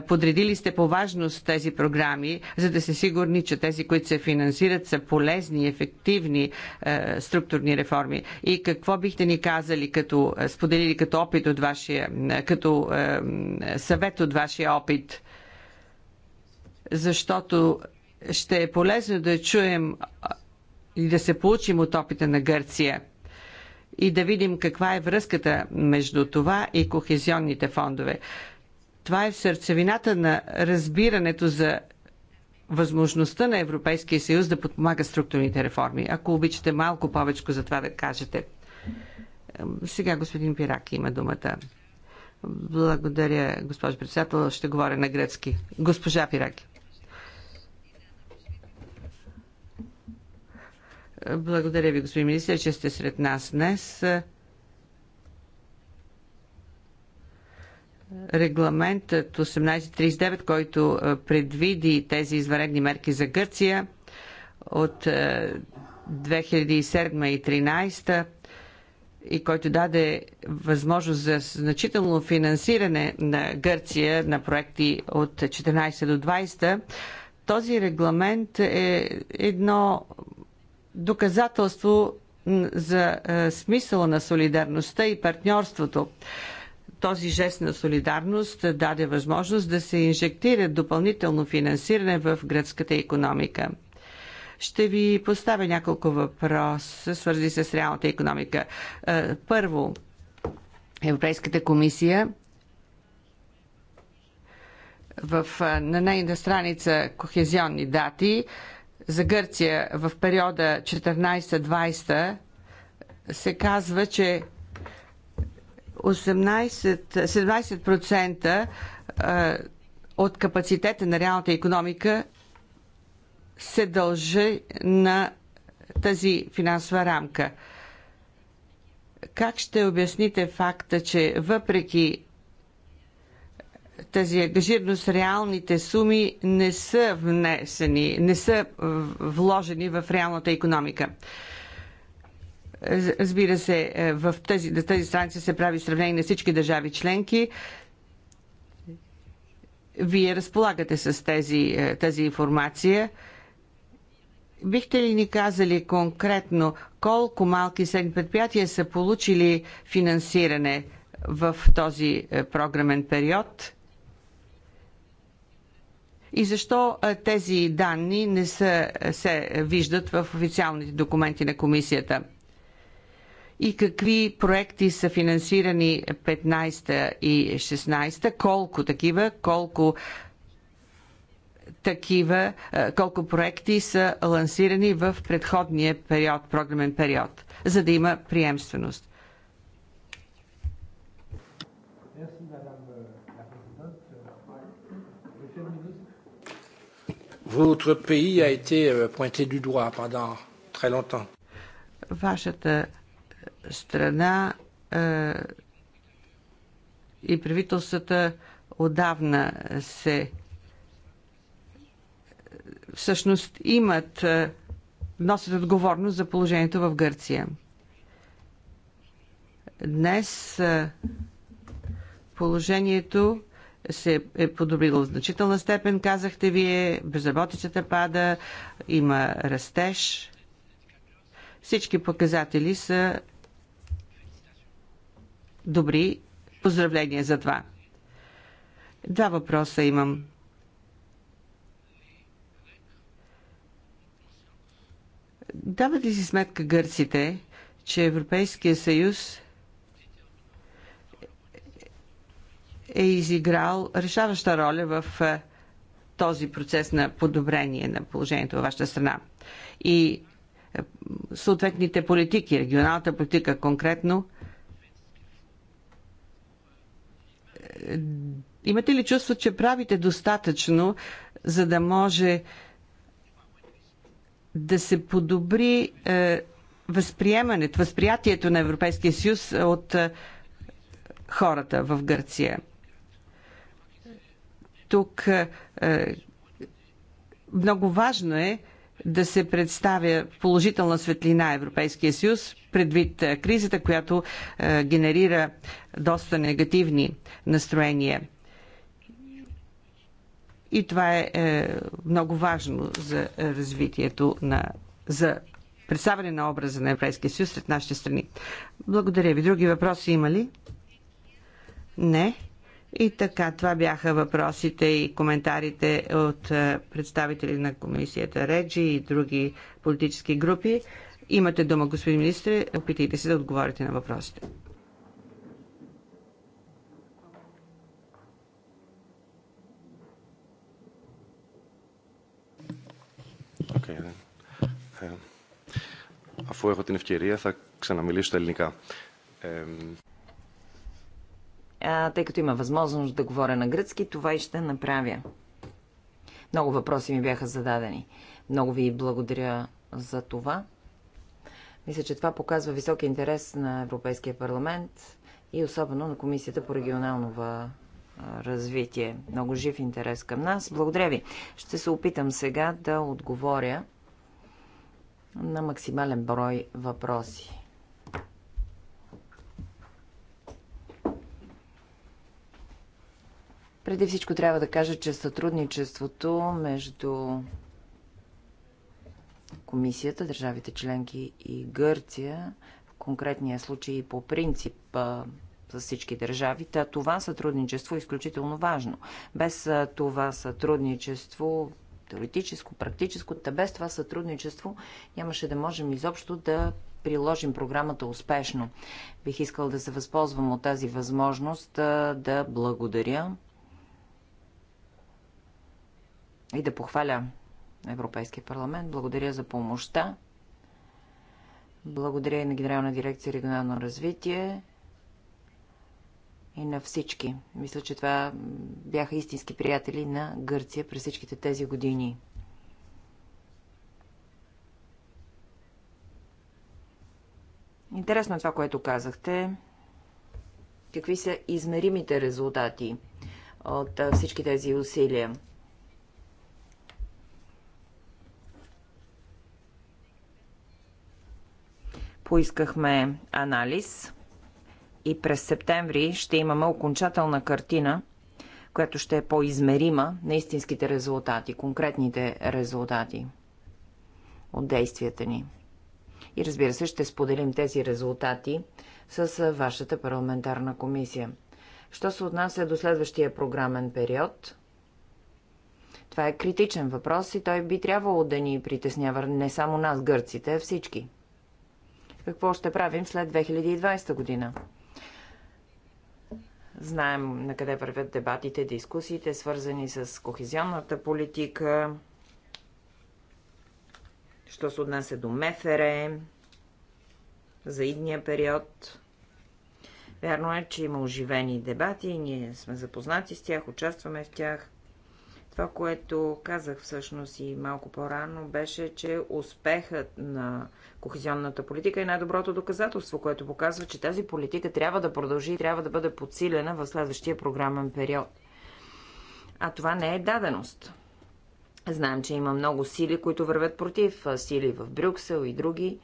подредили сте по важност тези програми, за да се сигурни, че тези, които се финансират, са полезни, ефективни структурни реформи. И какво бихте ни казали, като споделили като опит от вашия, като съвет черпете от вашия опит, защото ще е полезно да чуем и да се получим от опита на Гърция и да видим каква е връзката между това и кохезионните фондове. Това е в сърцевината на разбирането за възможността на Европейския съюз да подпомага структурните реформи. Ако обичате малко повече за това да кажете. Сега господин Пирак, има думата. Благодаря, госпожо председател. Ще говоря на гръцки. Госпожа Пираки. Благодаря ви, господин министр, че сте сред нас днес. Регламентът 1839, който предвиди тези изваредни мерки за Гърция от 2007 и 2013 и който даде възможност за значително финансиране на Гърция на проекти от 14 до 20, този регламент е едно доказателство за е, смисъла на солидарността и партньорството. Този жест на солидарност даде възможност да се инжектира допълнително финансиране в гръцката економика. Ще ви поставя няколко въпроса, свързани с реалната економика. Е, първо, Европейската комисия в, е, на нейна страница кохезионни дати за Гърция в периода 14-20 се казва, че 18, 17% е, от капацитета на реалната економика се дължи на тази финансова рамка. Как ще обясните факта, че въпреки тази ангажираност, реалните суми не са внесени, не са вложени в реалната економика? Разбира се, в тази, на тази страница се прави сравнение на всички държави членки. Вие разполагате с тези, тази информация Бихте ли ни казали конкретно колко малки и средни предприятия са получили финансиране в този е, програмен период? И защо е, тези данни не са, е, се виждат в официалните документи на комисията? И какви проекти са финансирани 15 и 16? Колко такива? Колко такива, е, колко проекти са лансирани в предходния период, програмен период, за да има приемственост. Votre pays a été euh, pointé du doigt pendant très longtemps. Вашата е, страна е, и правителствата отдавна се всъщност имат, е, носят отговорност за положението в Гърция. Днес е, положението се е подобрило в значителна степен, казахте вие, безработицата пада, има растеж. Всички показатели са добри. Поздравления за това. Два въпроса имам. Дават ли си сметка гърците, че Европейския съюз е изиграл решаваща роля в е, този процес на подобрение на положението във вашата страна? И е, съответните политики, регионалната политика конкретно, е, имате ли чувство, че правите достатъчно, за да може да се подобри е, възприемането, възприятието на Европейския съюз от е, хората в Гърция. Тук е, е много важно е да се представя положителна светлина Европейския съюз предвид е, кризата, която е, генерира доста негативни настроения и това е, е много важно за развитието на, за представяне на образа на Европейския съюз сред нашите страни. Благодаря ви. Други въпроси има ли? Не. И така, това бяха въпросите и коментарите от е, представители на комисията Реджи и други политически групи. Имате дума, господин министр. Опитайте се да отговорите на въпросите. Okay, ε, αφού έχω την ευκαιρία θα ξαναμιλήσω στα ελληνικά. Ε, а, тъй като има възможност да говоря на гръцки, това и ще направя. Много въпроси ми бяха зададени. Много ви благодаря за това. Мисля, че това показва висок интерес на Европейския парламент и особено на Комисията по регионално развитие. Много жив интерес към нас. Благодаря ви. Ще се опитам сега да отговоря на максимален брой въпроси. Преди всичко трябва да кажа, че сътрудничеството между комисията, държавите членки и Гърция, в конкретния случай по принцип с всички държави. Та това сътрудничество е изключително важно. Без това сътрудничество, теоретическо, практическо, та без това сътрудничество нямаше да можем изобщо да приложим програмата успешно. Бих искал да се възползвам от тази възможност да благодаря и да похваля Европейския парламент. Благодаря за помощта. Благодаря и на Генерална дирекция регионално развитие и на всички. Мисля, че това бяха истински приятели на Гърция през всичките тези години. Интересно е това, което казахте. Какви са измеримите резултати от всички тези усилия? Поискахме анализ и през септември ще имаме окончателна картина, която ще е по-измерима на истинските резултати, конкретните резултати от действията ни. И разбира се, ще споделим тези резултати с вашата парламентарна комисия. Що се отнася до следващия програмен период? Това е критичен въпрос и той би трябвало да ни притеснява не само нас, гърците, а всички. Какво ще правим след 2020 година? Знаем на къде вървят дебатите, дискусиите, свързани с кохезионната политика, що се отнася до МЕФЕРЕ, за идния период. Вярно е, че има оживени дебати, ние сме запознати с тях, участваме в тях. Това, което казах всъщност и малко по-рано, беше, че успехът на кохезионната политика е най-доброто доказателство, което показва, че тази политика трябва да продължи и трябва да бъде подсилена в следващия програмен период. А това не е даденост. Знаем, че има много сили, които вървят против. Сили в Брюксел и други,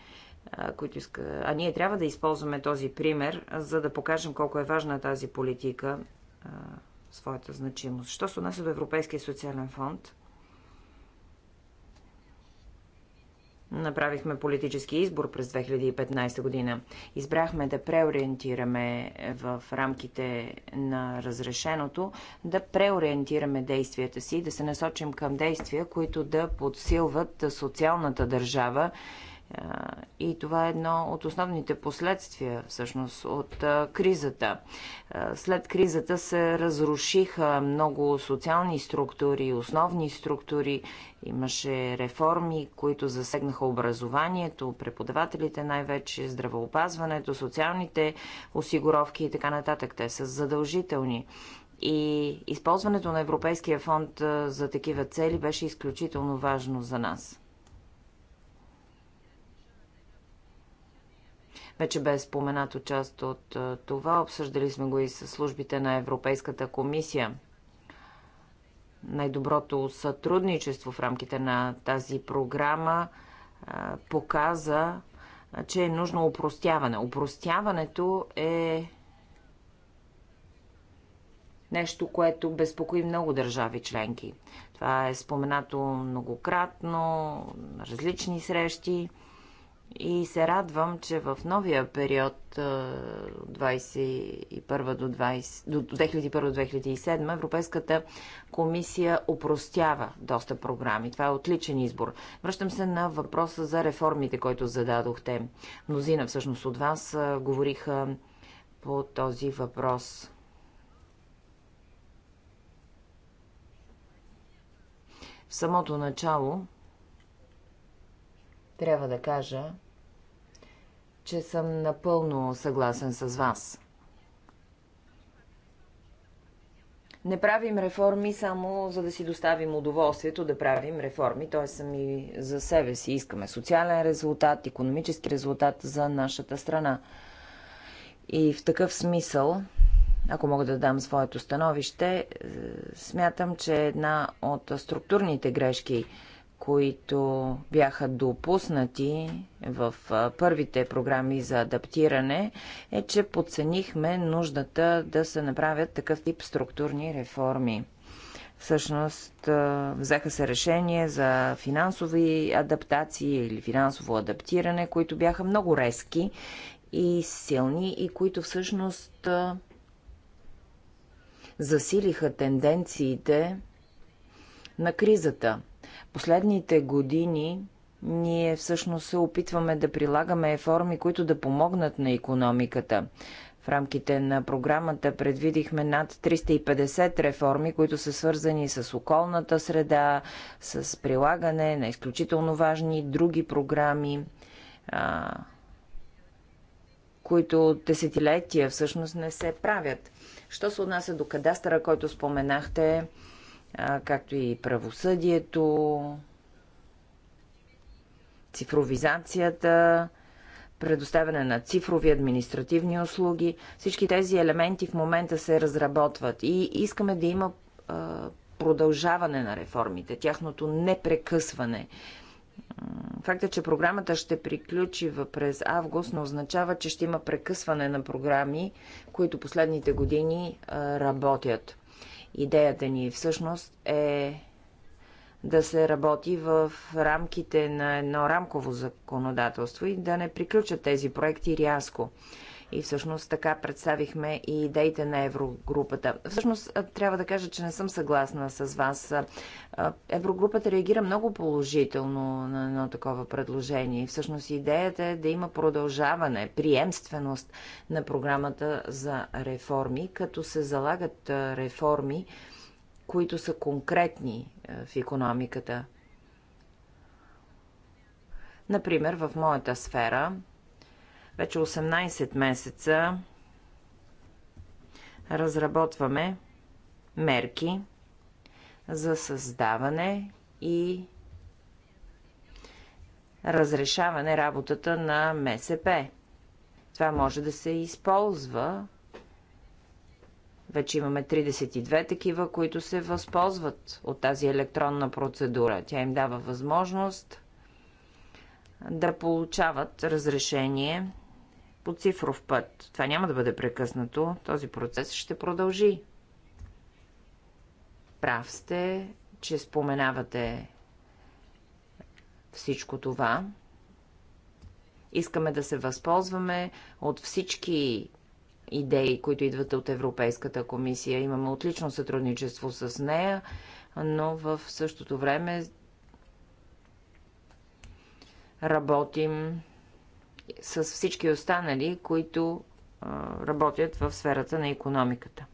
които иска... А ние трябва да използваме този пример, за да покажем колко е важна тази политика своята значимост. Що се отнася до Европейския социален фонд? Направихме политически избор през 2015 година. Избрахме да преориентираме в рамките на разрешеното, да преориентираме действията си, да се насочим към действия, които да подсилват социалната държава и това е едно от основните последствия всъщност от кризата. След кризата се разрушиха много социални структури, основни структури. Имаше реформи, които засегнаха образованието, преподавателите най-вече, здравеопазването, социалните осигуровки и така нататък. Те са задължителни. И използването на Европейския фонд за такива цели беше изключително важно за нас. Вече бе споменато част от това. Обсъждали сме го и с службите на Европейската комисия. Най-доброто сътрудничество в рамките на тази програма показа, че е нужно упростяване. Упростяването е нещо, което безпокои много държави членки. Това е споменато многократно на различни срещи. И се радвам, че в новия период 21 до, 20, до 2001-2007 Европейската комисия упростява доста програми. Това е отличен избор. Връщам се на въпроса за реформите, който зададохте. Мнозина всъщност от вас говориха по този въпрос. В самото начало трябва да кажа, че съм напълно съгласен с вас. Не правим реформи само за да си доставим удоволствието да правим реформи, т.е. сами за себе си. Искаме социален резултат, економически резултат за нашата страна. И в такъв смисъл, ако мога да дам своето становище, е, смятам, че една от структурните грешки, които бяха допуснати в първите програми за адаптиране, е, че подценихме нуждата да се направят такъв тип структурни реформи. Всъщност взеха се решения за финансови адаптации или финансово адаптиране, които бяха много резки и силни и които всъщност засилиха тенденциите на кризата – последните години ние всъщност се опитваме да прилагаме реформи, които да помогнат на економиката. В рамките на програмата предвидихме над 350 реформи, които са свързани с околната среда, с прилагане на изключително важни други програми, които от десетилетия всъщност не се правят. Що се отнася до кадастъра, който споменахте, както и правосъдието, цифровизацията, предоставяне на цифрови административни услуги. Всички тези елементи в момента се разработват и искаме да има продължаване на реформите, тяхното непрекъсване. Факта, че програмата ще приключи през август, не означава, че ще има прекъсване на програми, които последните години работят. Идеята ни всъщност е да се работи в рамките на едно рамково законодателство и да не приключат тези проекти рязко. И всъщност така представихме и идеите на Еврогрупата. Всъщност трябва да кажа, че не съм съгласна с вас. Еврогрупата реагира много положително на едно такова предложение. Всъщност идеята е да има продължаване, приемственост на програмата за реформи, като се залагат реформи, които са конкретни в економиката. Например, в моята сфера – вече 18 месеца разработваме мерки за създаване и разрешаване работата на МСП. Това може да се използва. Вече имаме 32 такива, които се възползват от тази електронна процедура. Тя им дава възможност да получават разрешение по цифров път. Това няма да бъде прекъснато. Този процес ще продължи. Прав сте, че споменавате всичко това. Искаме да се възползваме от всички идеи, които идват от Европейската комисия. Имаме отлично сътрудничество с нея, но в същото време работим с всички останали, които работят в сферата на економиката.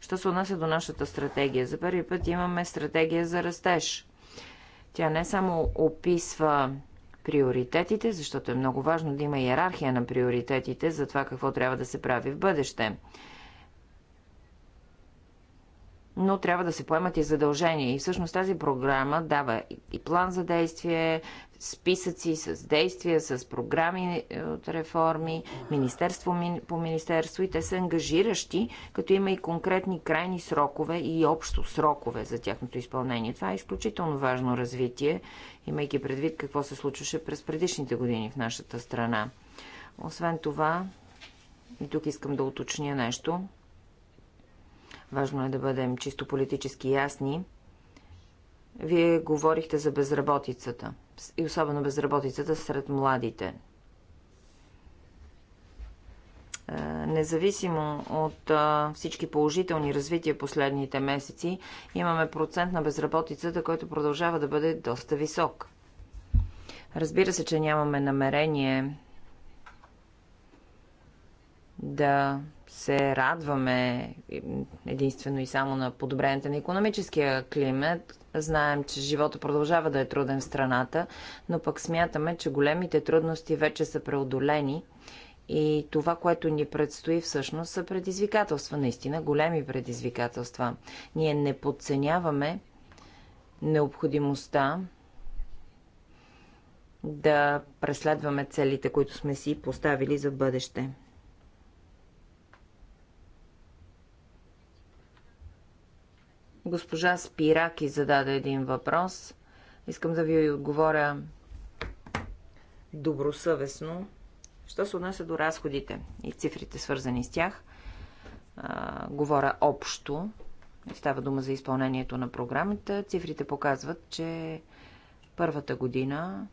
Що се отнася до нашата стратегия? За първи път имаме стратегия за растеж. Тя не само описва приоритетите, защото е много важно да има иерархия на приоритетите за това какво трябва да се прави в бъдеще. Но трябва да се поемат и задължения. И всъщност тази програма дава и план за действие, списъци с действия, с програми е, от реформи, министерство по министерство и те са ангажиращи, като има и конкретни крайни срокове и общо срокове за тяхното изпълнение. Това е изключително важно развитие, имайки предвид какво се случваше през предишните години в нашата страна. Освен това, и тук искам да уточня нещо. Важно е да бъдем чисто политически ясни. Вие говорихте за безработицата и особено безработицата сред младите. Е, независимо от е, всички положителни развития последните месеци, имаме процент на безработицата, който продължава да бъде доста висок. Разбира се, че нямаме намерение да се радваме единствено и само на подобрението на економическия климат. Знаем, че живота продължава да е труден в страната, но пък смятаме, че големите трудности вече са преодолени и това, което ни предстои всъщност са предизвикателства, наистина големи предизвикателства. Ние не подценяваме необходимостта да преследваме целите, които сме си поставили за бъдеще. Госпожа Спираки зададе един въпрос. Искам да ви отговоря добросъвестно. Що се отнася до разходите и цифрите, свързани с тях, а, говоря общо. Става дума за изпълнението на програмата. Цифрите показват, че първата година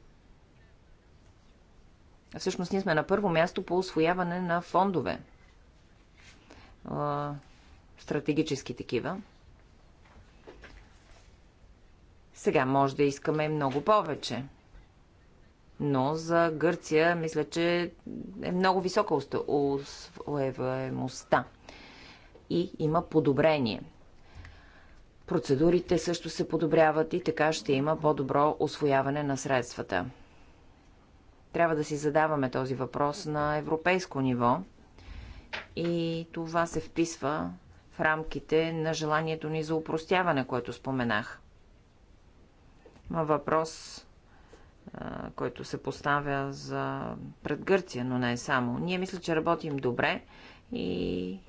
Всъщност ние сме на първо място по освояване на фондове. Стратегически такива. Сега може да искаме много повече. Но за Гърция мисля, че е много висока усвоеваемостта и има подобрение. Процедурите също се подобряват и така ще има по-добро освояване на средствата. Трябва да си задаваме този въпрос на европейско ниво и това се вписва в рамките на желанието ни за упростяване, което споменах. Има въпрос, който се поставя за пред Гърция, но не само. Ние мисля, че работим добре и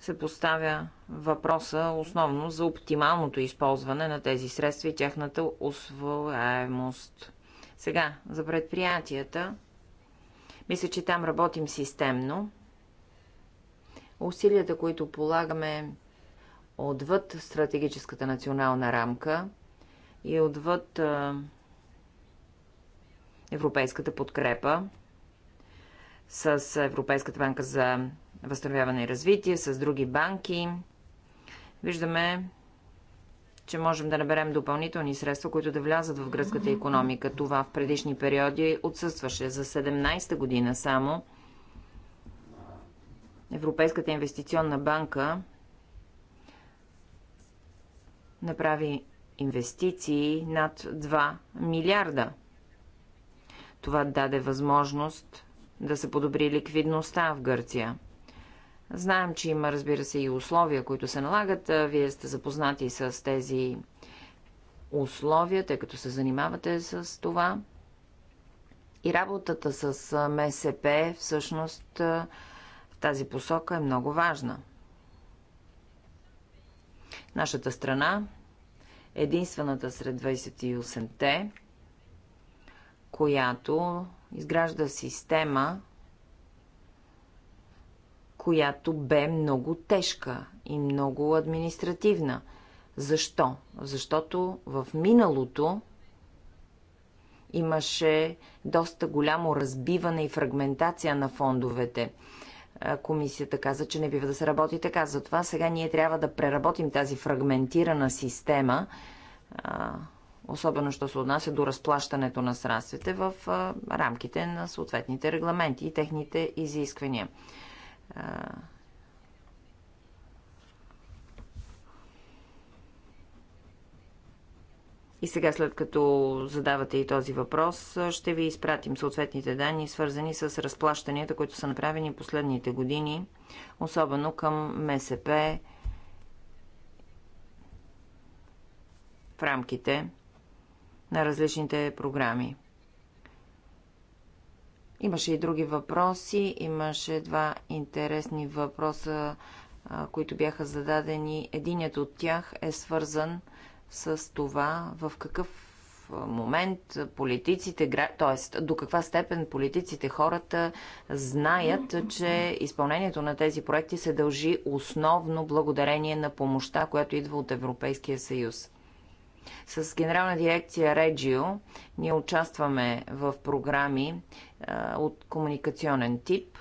се поставя въпроса основно за оптималното използване на тези средства и тяхната усвояемост. Сега, за предприятията, мисля, че там работим системно. Усилията, които полагаме отвъд стратегическата национална рамка – и отвъд европейската подкрепа с Европейската банка за възстановяване и развитие, с други банки. Виждаме, че можем да наберем допълнителни средства, които да влязат в гръцката економика. Това в предишни периоди отсъстваше. За 17-та година само Европейската инвестиционна банка направи инвестиции над 2 милиарда. Това даде възможност да се подобри ликвидността в Гърция. Знаем, че има, разбира се, и условия, които се налагат. Вие сте запознати с тези условия, тъй като се занимавате с това. И работата с МСП всъщност в тази посока е много важна. Нашата страна единствената сред 28-те, която изгражда система, която бе много тежка и много административна. Защо? Защото в миналото имаше доста голямо разбиване и фрагментация на фондовете комисията каза, че не бива да се работи така. Затова сега ние трябва да преработим тази фрагментирана система, особено що се отнася до разплащането на средствите в рамките на съответните регламенти и техните изисквания. И сега, след като задавате и този въпрос, ще ви изпратим съответните данни, свързани с разплащанията, които са направени последните години, особено към МСП в рамките на различните програми. Имаше и други въпроси. Имаше два интересни въпроса, които бяха зададени. Единият от тях е свързан с с това в какъв момент политиците, т.е. до каква степен политиците, хората знаят, че изпълнението на тези проекти се дължи основно благодарение на помощта, която идва от Европейския съюз. С Генерална дирекция Реджио ние участваме в програми а, от комуникационен тип,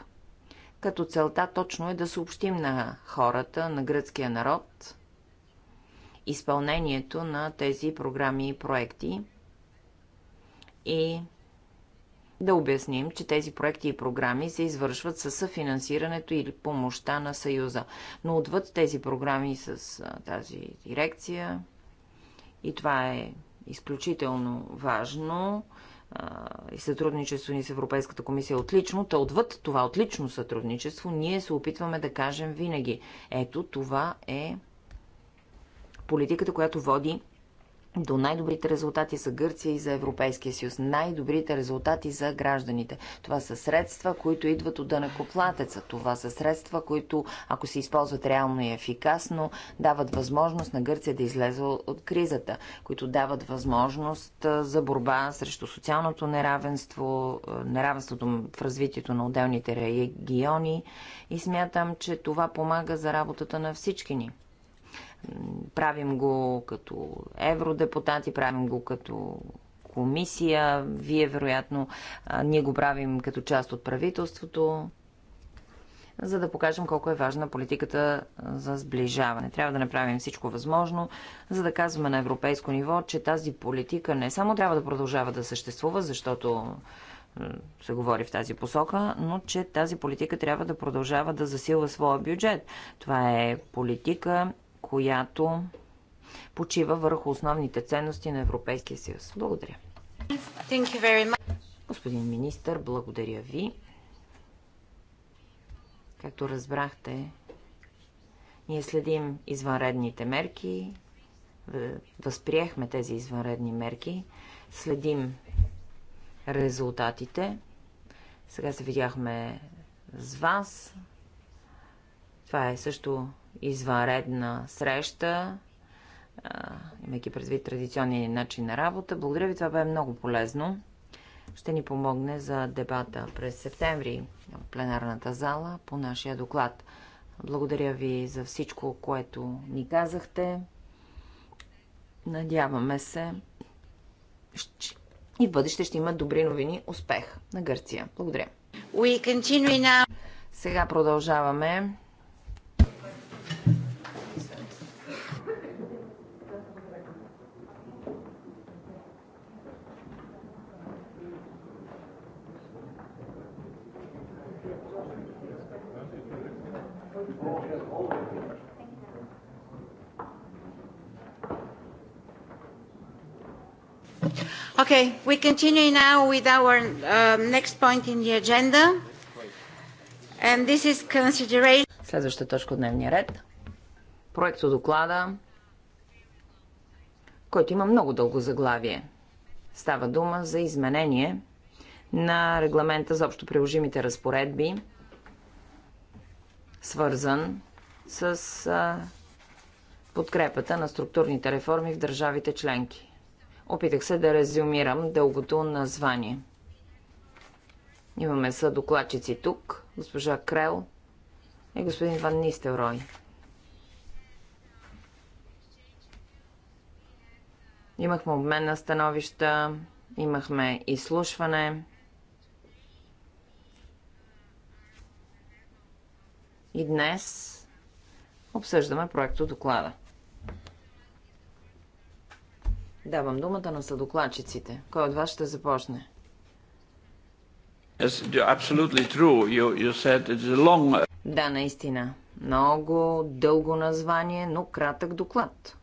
като целта точно е да съобщим на хората, на гръцкия народ, изпълнението на тези програми и проекти и да обясним, че тези проекти и програми се извършват с съфинансирането или помощта на Съюза. Но отвъд тези програми с тази дирекция, и това е изключително важно, и сътрудничество ни с Европейската комисия е отлично, та отвъд това отлично сътрудничество ние се опитваме да кажем винаги. Ето това е политиката, която води до най-добрите резултати за Гърция и за Европейския съюз. Най-добрите резултати за гражданите. Това са средства, които идват от дънакоплатеца. Това са средства, които, ако се използват реално и ефикасно, дават възможност на Гърция да излезе от кризата, които дават възможност за борба срещу социалното неравенство, неравенството в развитието на отделните региони. И смятам, че това помага за работата на всички ни. Правим го като евродепутати, правим го като комисия. Вие, вероятно, ние го правим като част от правителството, за да покажем колко е важна политиката за сближаване. Трябва да направим всичко възможно, за да казваме на европейско ниво, че тази политика не само трябва да продължава да съществува, защото се говори в тази посока, но че тази политика трябва да продължава да засилва своя бюджет. Това е политика която почива върху основните ценности на Европейския съюз. Благодаря. Господин министр, благодаря ви. Както разбрахте, ние следим извънредните мерки, възприехме тези извънредни мерки, следим резултатите. Сега се видяхме с вас. Това е също извънредна среща, имайки предвид традиционния начин на работа. Благодаря ви, това бе много полезно. Ще ни помогне за дебата през септември в пленарната зала по нашия доклад. Благодаря ви за всичко, което ни казахте. Надяваме се и в бъдеще ще има добри новини. Успех на Гърция. Благодаря. Сега продължаваме Okay, we continue now with our um, next point in the agenda. And this is consideration... Следваща точка от дневния ред. Проект доклада, който има много дълго заглавие. Става дума за изменение на регламента за общо приложимите разпоредби, свързан с а, подкрепата на структурните реформи в държавите членки. Опитах се да резюмирам дългото название. Имаме са докладчици тук, госпожа Крел и господин Ван Нистелрой. Имахме обмен на становища, имахме изслушване. И днес обсъждаме проекто доклада. Давам думата на съдокладчиците. Кой от вас ще започне? Uh, да, наистина. Много дълго название, но кратък доклад.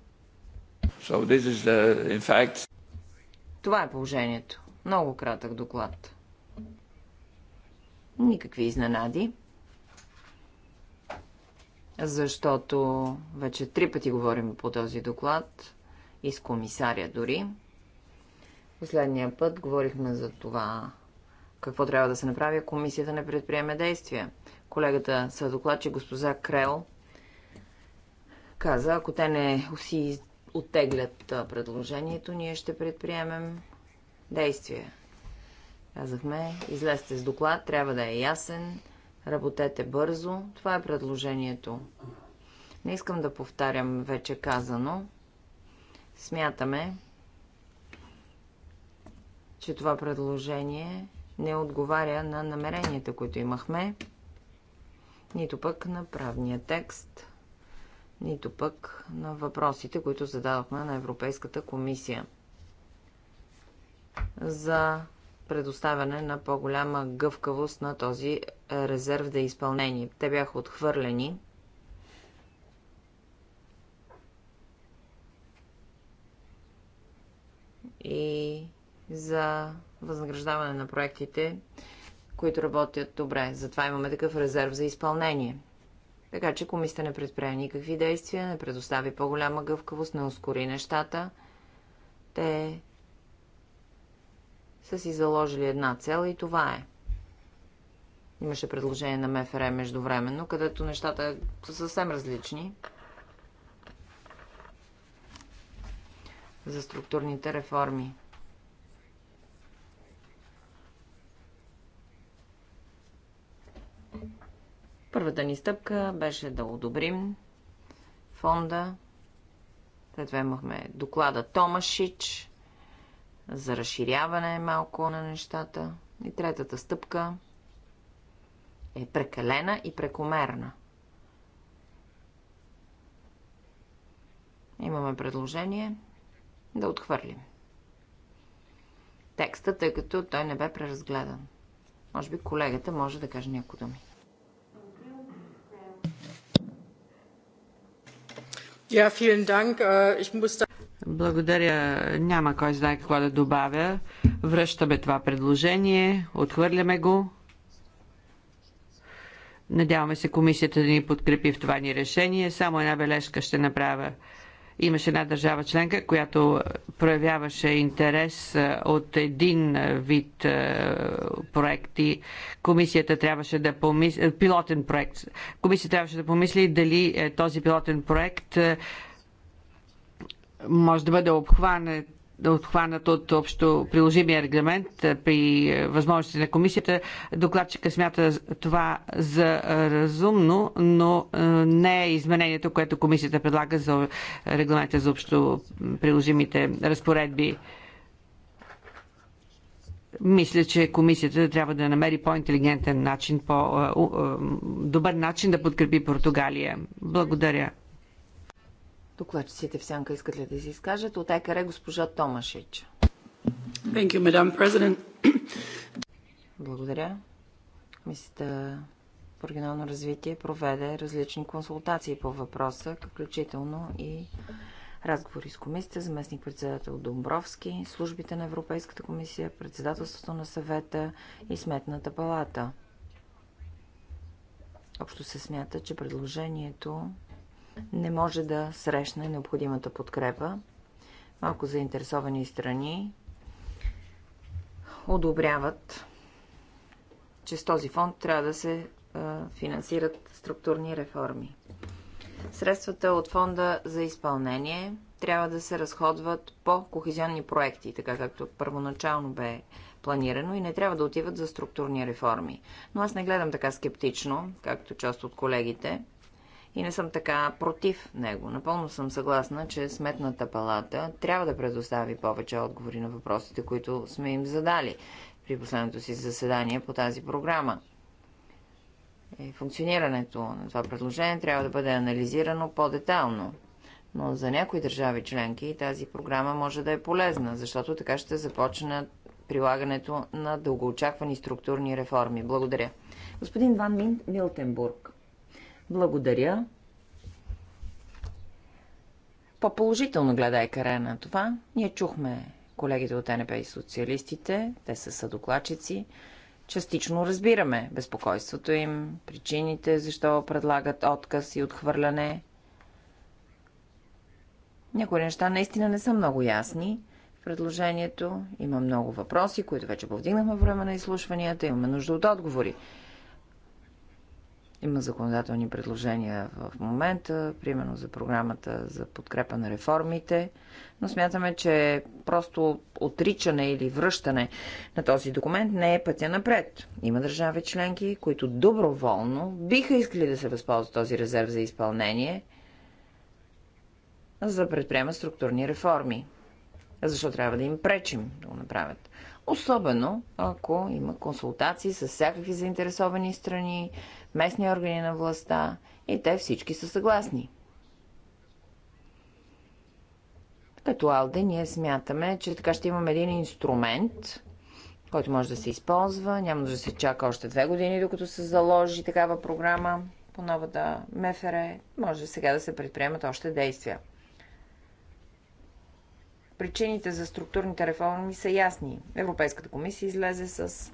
So this is the, in fact... Това е положението. Много кратък доклад. Никакви изненади. Защото вече три пъти говорим по този доклад и с комисаря дори. Последния път говорихме за това какво трябва да се направи, комисията не предприеме действия. Колегата че госпожа Крел каза, ако те не си оттеглят предложението, ние ще предприемем действия. Казахме, излезте с доклад, трябва да е ясен, работете бързо. Това е предложението. Не искам да повтарям вече казано. Смятаме, че това предложение не отговаря на намеренията, които имахме, нито пък на правния текст, нито пък на въпросите, които зададохме на Европейската комисия за предоставяне на по-голяма гъвкавост на този резерв за изпълнение. Те бяха отхвърлени и за възнаграждаване на проектите, които работят добре. Затова имаме такъв резерв за изпълнение. Така че комисията не предприе никакви действия, не предостави по-голяма гъвкавост, не ускори нещата. Те са си заложили една цел и това е. Имаше предложение на МФР е междувременно, където нещата са съвсем различни. за структурните реформи. Първата ни стъпка беше да одобрим фонда. След това имахме доклада Томашич за разширяване малко на нещата. И третата стъпка е прекалена и прекомерна. Имаме предложение да отхвърлим текста, тъй като той не бе преразгледан. Може би колегата може да каже някои думи. Äh, Благодаря. Няма кой знае какво да добавя. Връщаме това предложение, отхвърляме го. Надяваме се комисията да ни подкрепи в това ни решение. Само една бележка ще направя. Имаше една държава членка, която проявяваше интерес е, от един е, вид е, проекти. Комисията трябваше да помисли... Пилотен проект. Комисията трябваше да помисли дали този пилотен проект може да бъде обхванат да отхванат от общо приложимия регламент при възможности на комисията. Докладчика смята това за разумно, но не е изменението, което комисията предлага за регламента за общо приложимите разпоредби. Мисля, че комисията трябва да намери по-интелигентен начин, по-добър начин да подкрепи Португалия. Благодаря. Докладчиците в сянка искат ли да се изкажат? От екаре госпожа Томашич. Thank you, Madam President. Благодаря. Комисията по регионално развитие проведе различни консултации по въпроса, включително и разговори с комисията, заместник председател Домбровски, службите на Европейската комисия, председателството на съвета и сметната палата. Общо се смята, че предложението не може да срещне необходимата подкрепа. Малко заинтересовани страни одобряват, че с този фонд трябва да се финансират структурни реформи. Средствата от фонда за изпълнение трябва да се разходват по кохезионни проекти, така както първоначално бе планирано и не трябва да отиват за структурни реформи. Но аз не гледам така скептично, както част от колегите и не съм така против него. Напълно съм съгласна, че Сметната палата трябва да предостави повече отговори на въпросите, които сме им задали при последното си заседание по тази програма. И функционирането на това предложение трябва да бъде анализирано по-детално. Но за някои държави членки тази програма може да е полезна, защото така ще започне прилагането на дългоочаквани структурни реформи. Благодаря. Господин Ван Мин, Милтенбург. Благодаря. По-положително гледай Карен на това. Ние чухме колегите от НП и социалистите, те са съдокладчици. Частично разбираме безпокойството им, причините, защо предлагат отказ и отхвърляне. Някои неща наистина не са много ясни в предложението. Има много въпроси, които вече повдигнахме време на изслушванията. Имаме нужда от отговори. Има законодателни предложения в момента, примерно за програмата за подкрепа на реформите, но смятаме, че просто отричане или връщане на този документ не е пътя напред. Има държави членки, които доброволно биха искали да се възползват този резерв за изпълнение, за да предприемат структурни реформи. Защо трябва да им пречим да го направят? Особено ако има консултации с всякакви заинтересовани страни, местни органи на властта и те всички са съгласни. Като Алде ние смятаме, че така ще имаме един инструмент, който може да се използва. Няма да се чака още две години, докато се заложи такава програма по новата МФР. Може сега да се предприемат още действия. Причините за структурните реформи са ясни. Европейската комисия излезе с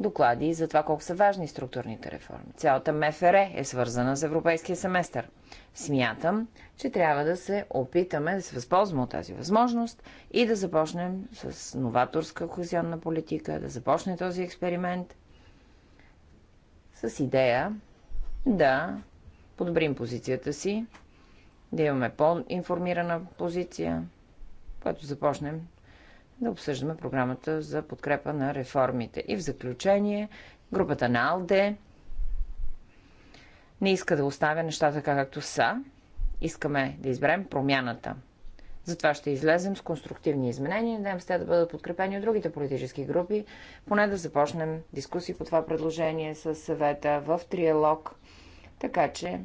доклади за това колко са важни структурните реформи. Цялата МФР е свързана с европейския семестър. Смятам, че трябва да се опитаме да се възползваме от тази възможност и да започнем с новаторска кохезионна политика, да започне този експеримент с идея да подобрим позицията си, да имаме по-информирана позиция, когато започнем да обсъждаме програмата за подкрепа на реформите. И в заключение, групата на АЛДЕ не иска да оставя нещата така както са. Искаме да изберем промяната. Затова ще излезем с конструктивни изменения. Надявам се те да бъдат подкрепени от другите политически групи. Поне да започнем дискусии по това предложение с съвета в триалог. Така че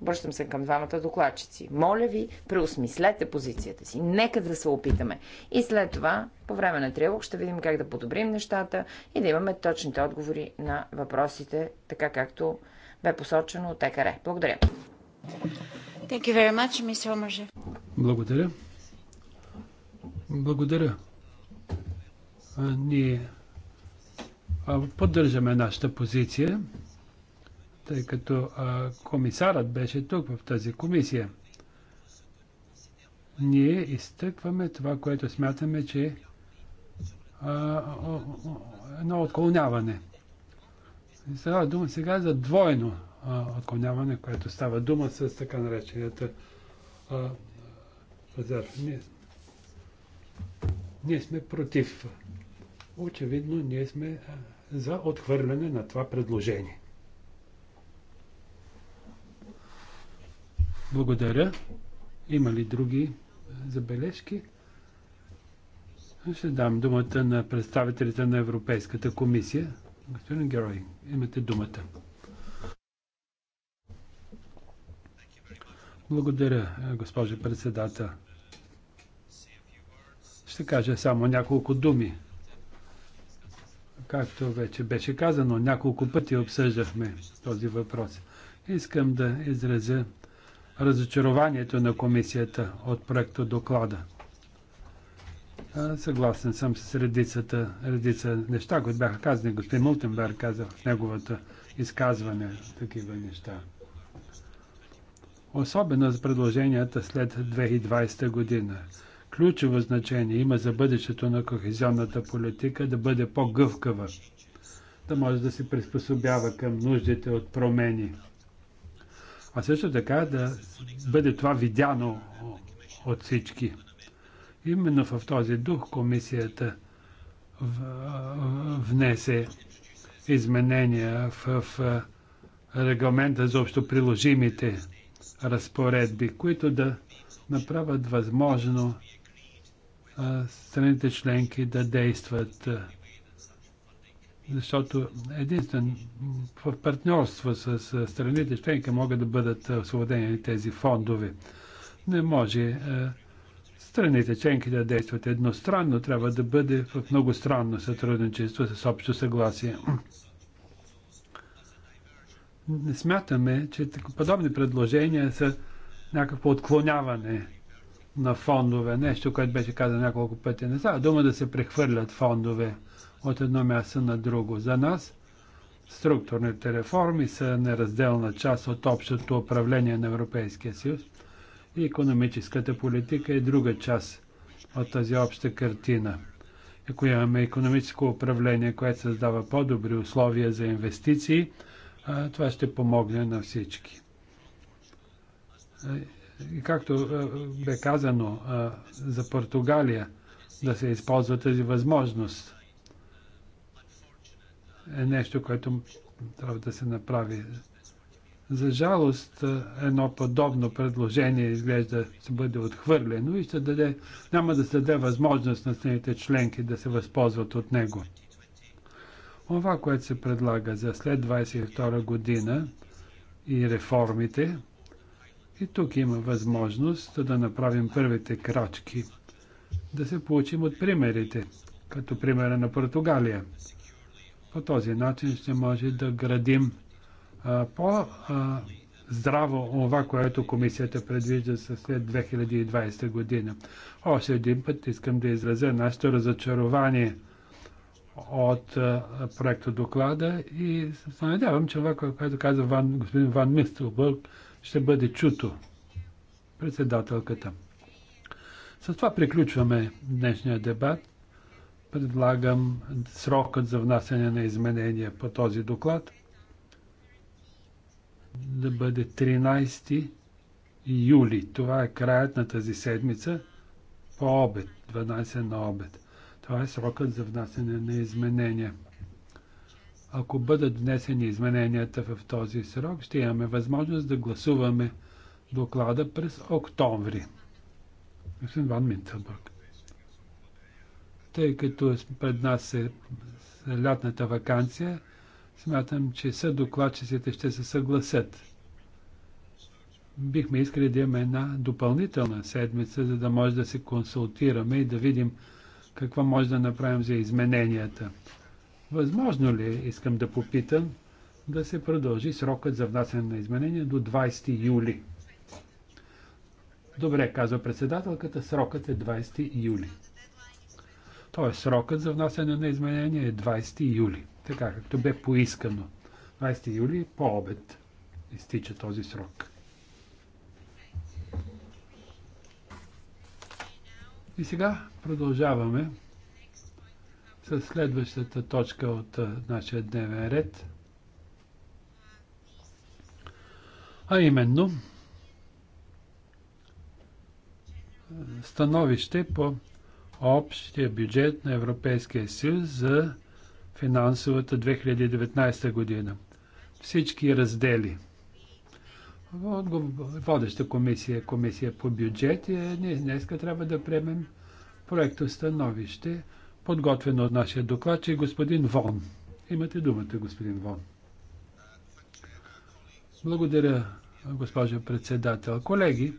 Обръщам се към двамата докладчици. Моля ви, преосмислете позицията си. Нека да се опитаме. И след това, по време на триалог, ще видим как да подобрим нещата и да имаме точните отговори на въпросите, така както бе посочено от ЕКР. Благодаря. Thank you very much, Miss Благодаря. Благодаря. А, ние поддържаме нашата позиция тъй като а, комисарът беше тук в тази комисия. Ние изтъкваме това, което смятаме, че е едно отклоняване. става дума сега за двойно а, отклоняване, което става дума с така наречената пазар. Ние, ние сме против. Очевидно, ние сме за отхвърляне на това предложение. Благодаря. Има ли други е, забележки? Ще дам думата на представителите на Европейската комисия. Господин Герой, имате думата. Благодаря, е, госпожо председател. Ще кажа само няколко думи. Както вече беше казано, няколко пъти обсъждахме този въпрос. Искам да изразя разочарованието на комисията от проекта доклада. Съгласен съм с редицата, редица неща, които бяха казани. Господин Мултенберг каза в неговата изказване такива неща. Особено за предложенията след 2020 година. Ключово значение има за бъдещето на кохезионната политика да бъде по-гъвкава, да може да се приспособява към нуждите от промени – а също така да бъде това видяно от всички. Именно в този дух комисията внесе изменения в регламента за общо приложимите разпоредби, които да направят възможно страните членки да действат защото единствено в партньорство с страните членки могат да бъдат освободени тези фондове. Не може е, страните членки да действат едностранно, трябва да бъде в многостранно сътрудничество с общо съгласие. Не смятаме, че подобни предложения са някакво отклоняване на фондове, нещо, което беше казано няколко пъти. Не става дума да се прехвърлят фондове от едно място на друго. За нас структурните реформи са неразделна част от общото управление на Европейския съюз и економическата политика е друга част от тази обща картина. Ако имаме економическо управление, което създава по-добри условия за инвестиции, това ще помогне на всички. И както бе казано за Португалия, да се използва тази възможност е нещо, което трябва да се направи. За жалост, едно подобно предложение изглежда ще бъде отхвърлено и ще даде, няма да се даде възможност на страните членки да се възползват от него. Това, което се предлага за след 22 година и реформите, и тук има възможност да направим първите крачки, да се получим от примерите, като примера на Португалия. По този начин ще може да градим по-здраво това, което комисията предвижда след 2020 година. Още един път искам да изразя нашето разочарование от проекта доклада и се надявам, че това, което каза Ван, господин Ван Мистелбърг, ще бъде чуто председателката. С това приключваме днешния дебат предлагам срокът за внасяне на изменения по този доклад да бъде 13 юли. Това е краят на тази седмица по обед, 12 на обед. Това е срокът за внасяне на изменения. Ако бъдат внесени измененията в този срок, ще имаме възможност да гласуваме доклада през октомври. Господин Ван Минтелбърг. Тъй като пред нас е лятната вакансия, смятам, че съдокладчиците ще се съгласят. Бихме искали да имаме една допълнителна седмица, за да може да се консултираме и да видим какво може да направим за измененията. Възможно ли, искам да попитам, да се продължи срокът за внасяне на изменения до 20 юли? Добре, казва председателката, срокът е 20 юли. Т.е срокът за внасяне на изменения е 20 юли, така както бе поискано. 20 юли по обед изтича този срок. И сега продължаваме с следващата точка от нашия дневен ред. А именно становище по общия бюджет на Европейския съюз за финансовата 2019 година. Всички раздели. Водеща комисия е комисия по бюджет и ние днес трябва да приемем проекто становище, подготвено от нашия доклад, че господин Вон. Имате думата, господин Вон. Благодаря, госпожо председател. Колеги,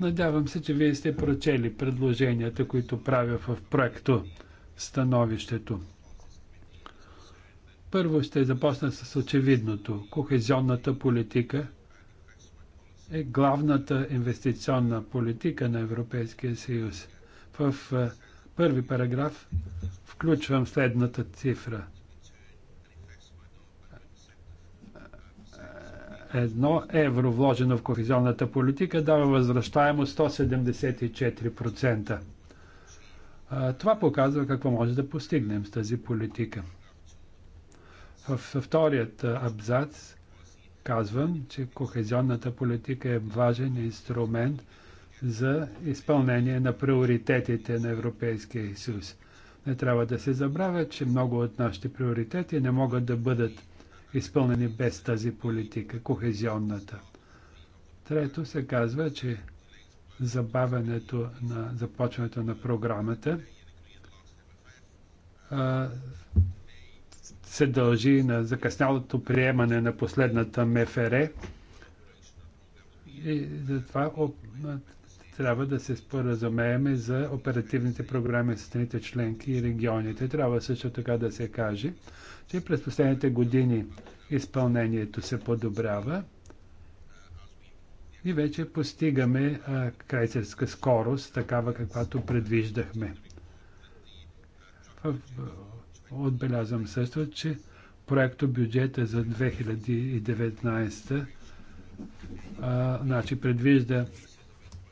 Надявам се, че вие сте прочели предложенията, които правя в проекто становището. Първо ще започна с очевидното. Кохезионната политика е главната инвестиционна политика на Европейския съюз. В първи параграф включвам следната цифра – едно евро вложено в кохезионната политика дава възвръщаемо 174%. Това показва какво може да постигнем с тази политика. Във вторият абзац казвам, че кохезионната политика е важен инструмент за изпълнение на приоритетите на Европейския съюз. Не трябва да се забравя, че много от нашите приоритети не могат да бъдат изпълнени без тази политика, кохезионната. Трето се казва, че забавянето на започването на програмата се дължи на закъснялото приемане на последната МФР и затова трябва да се споразумееме за оперативните програми с страните членки и регионите. Трябва също така да се каже, че през последните години изпълнението се подобрява и вече постигаме крайцерска скорост, такава каквато предвиждахме. Отбелязвам също, че проекто бюджета за 2019 а, значи предвижда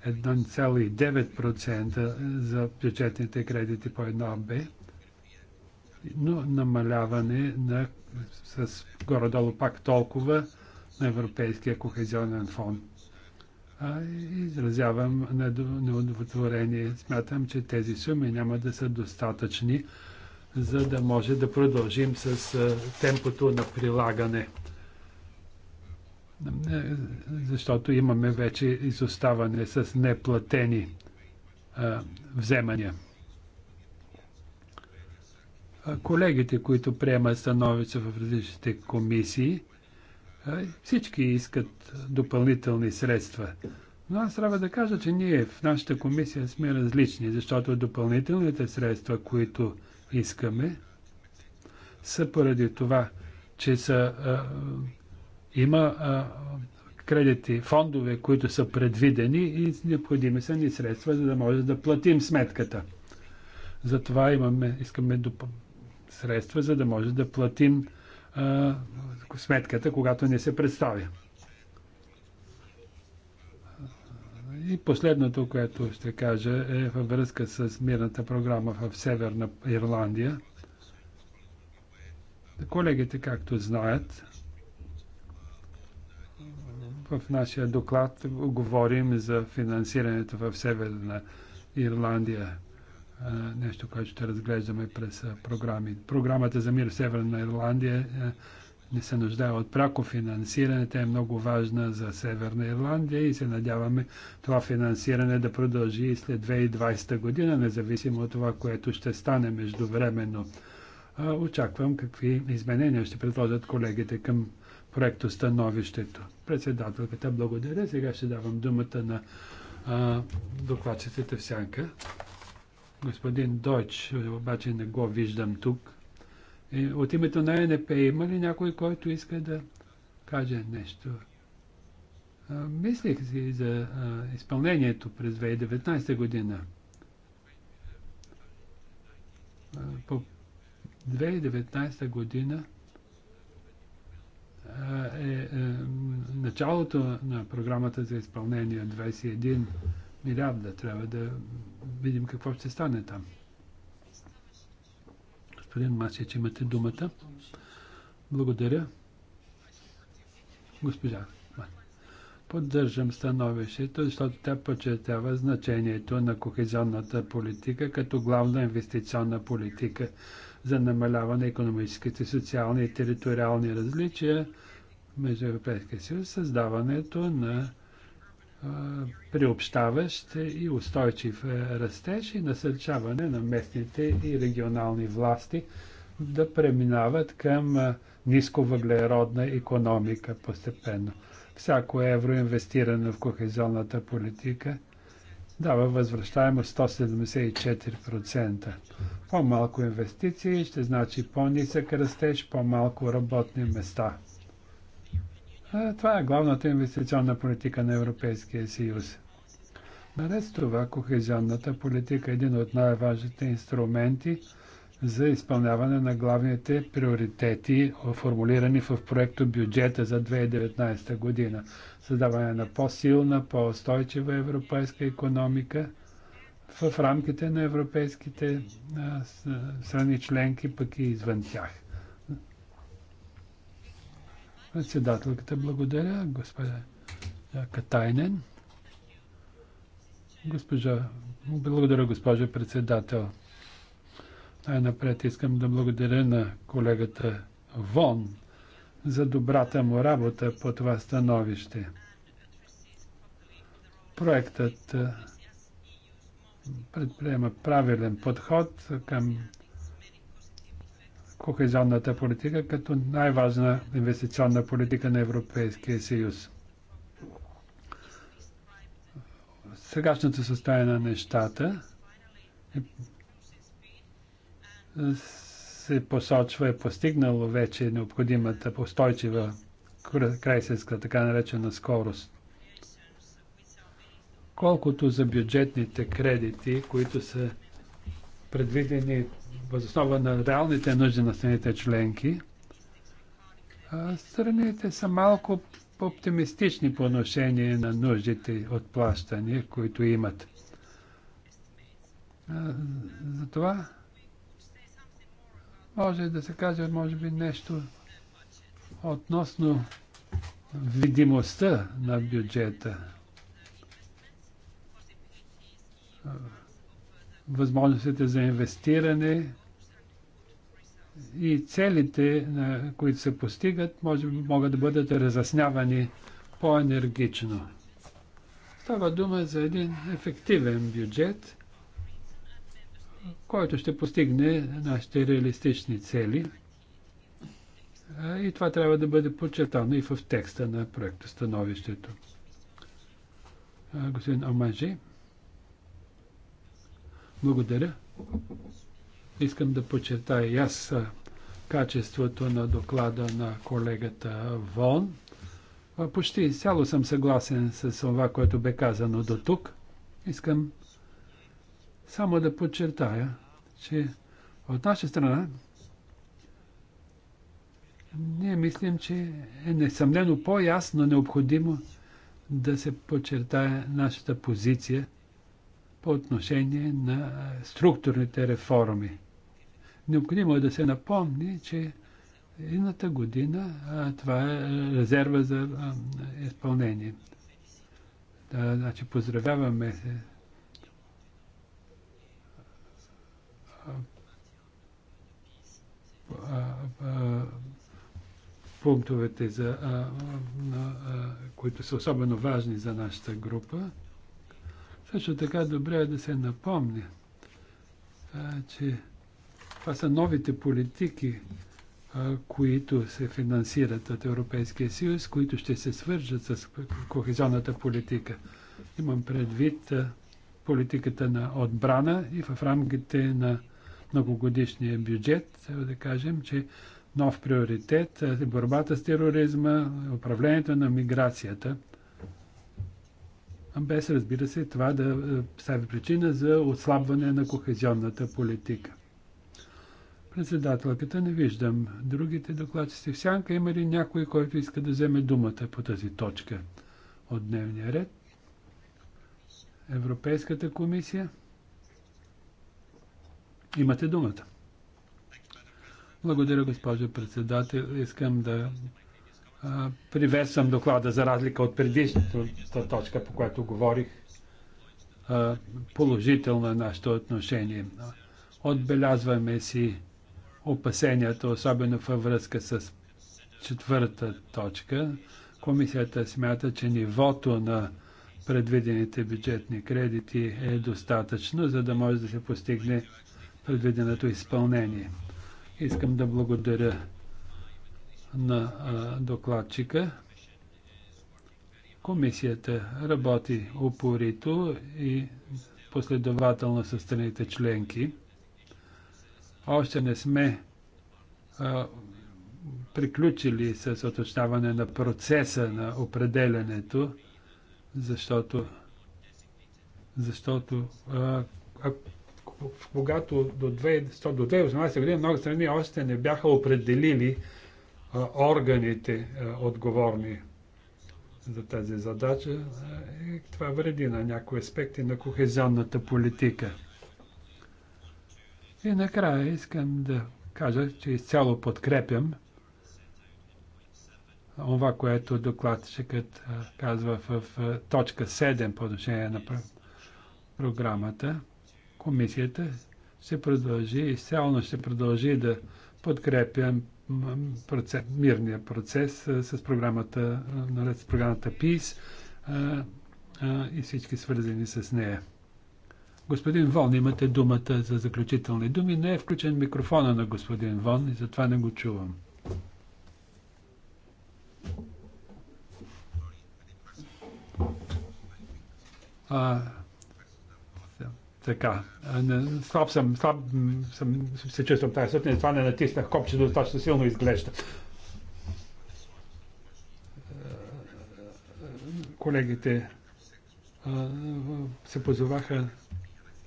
1,9% за бюджетните кредити по 1Б но намаляване на, с горе-долу пак толкова на Европейския кохезионен фонд. А, изразявам неудовлетворение. Смятам, че тези суми няма да са достатъчни, за да може да продължим с темпото на прилагане. Защото имаме вече изоставане с неплатени а, вземания колегите, които приемат становица в различните комисии, всички искат допълнителни средства. Но аз трябва да кажа, че ние в нашата комисия сме различни, защото допълнителните средства, които искаме, са поради това, че са, а, има а, кредити, фондове, които са предвидени и необходими са ни средства, за да може да платим сметката. Затова имаме, искаме допълнителни средства, за да може да платим а, сметката, когато не се представя. И последното, което ще кажа е във връзка с мирната програма в Северна Ирландия. Колегите, както знаят, в нашия доклад говорим за финансирането в Северна Ирландия нещо, което ще разглеждаме през програми. Програмата за мир в Северна Ирландия не се нуждае от пряко финансиране. Тя е много важна за Северна Ирландия и се надяваме това финансиране да продължи и след 2020 година, независимо от това, което ще стане междувременно. Очаквам какви изменения ще предложат колегите към проекто становището. Председателката, благодаря. Сега ще давам думата на докладчиците в сянка. Господин Дойч, обаче не го виждам тук. И от името на е НП има ли някой, който иска да каже нещо? А, мислих си за а, изпълнението през 2019 година. А, по 2019 година е, е началото на програмата за изпълнение 21 милиарда. Трябва да видим какво ще стане там. Господин Масич, имате думата. Благодаря. Госпожа. Поддържам становището, защото тя почетява значението на кохезионната политика като главна инвестиционна политика за намаляване на економическите, социални и териториални различия между Европейския съюз, създаването на приобщаващ и устойчив е, растеж и насърчаване на местните и регионални власти да преминават към нисковъглеродна економика постепенно. Всяко евро инвестирано в кохезионната политика дава възвръщаемост 174%. По-малко инвестиции ще значи по-нисък растеж, по-малко работни места – е, това е главната инвестиционна политика на Европейския съюз. Наред с това, кохезионната политика е един от най-важните инструменти за изпълняване на главните приоритети, формулирани в проекто бюджета за 2019 година. Създаване на по-силна, по-устойчива европейска економика в рамките на европейските страни членки, пък и извън тях. Председателката благодаря, господа Катайнен. Госпожа, благодаря, госпожа председател. Най-напред искам да благодаря на колегата Вон за добрата му работа по това становище. Проектът предприема правилен подход към кохезионната политика като най-важна инвестиционна политика на Европейския съюз. Сегашното състояние на нещата е- се посочва, е постигнало вече необходимата устойчива крайсенска, така наречена скорост. Колкото за бюджетните кредити, които са предвидени възоснова на реалните нужди на страните членки, страните са малко оптимистични по отношение на нуждите от плащания, които имат. Затова може да се каже, може би, нещо относно видимостта на бюджета възможностите за инвестиране и целите, на които се постигат, може, би могат да бъдат разяснявани по-енергично. Става дума за един ефективен бюджет, който ще постигне нашите реалистични цели. И това трябва да бъде подчертано и в текста на проекта становището. Господин Омаджи. Благодаря. Искам да почетая и аз качеството на доклада на колегата Вон. Почти цяло съм съгласен с това, което бе казано до тук. Искам само да подчертая, че от наша страна ние мислим, че е несъмнено по-ясно необходимо да се подчертая нашата позиция – по отношение на структурните реформи. Необходимо е да се напомни, че едната година а, това е резерва за а, изпълнение. Да, значи поздравяваме се. пунктовете, за, а, а, а, които са особено важни за нашата група. Също така добре е да се напомни, а, че това са новите политики, а, които се финансират от Европейския съюз, които ще се свържат с кохезионната политика. Имам предвид а, политиката на отбрана и в рамките на многогодишния бюджет, да кажем, че нов приоритет е борбата с тероризма, управлението на миграцията – без разбира се това да е, стави причина за отслабване на кохезионната политика. Председателката не виждам. Другите докладчици в сянка има ли някой, който иска да вземе думата по тази точка от дневния ред? Европейската комисия? Имате думата. Благодаря, госпожо председател. Искам да Приветствам доклада за разлика от предишната точка, по която говорих. Положително е нашето отношение. Отбелязваме си опасенията, особено във връзка с четвърта точка. Комисията смята, че нивото на предвидените бюджетни кредити е достатъчно, за да може да се постигне предвиденото изпълнение. Искам да благодаря на докладчика. Комисията работи упорито и последователно с страните членки. Още не сме приключили с оточняване на процеса на определенето, защото, защото а, а, когато до 2018 година много страни още не бяха определили органите отговорни за тази задача. И това вреди на някои аспекти на кохезионната политика. И накрая искам да кажа, че изцяло подкрепям това, което докладчикът казва в точка 7 по отношение на програмата. Комисията ще продължи, изцяло ще продължи да подкрепям процес, мирния процес с програмата, наред с програмата Peace и всички свързани с нея. Господин Вон, имате думата за заключителни думи. Не е включен микрофона на господин Вон и затова не го чувам. А, така, слаб съм, слаб съм, се чувствам тази сутрин, това не натиснах копчето достатъчно силно изглежда. Колегите се позоваха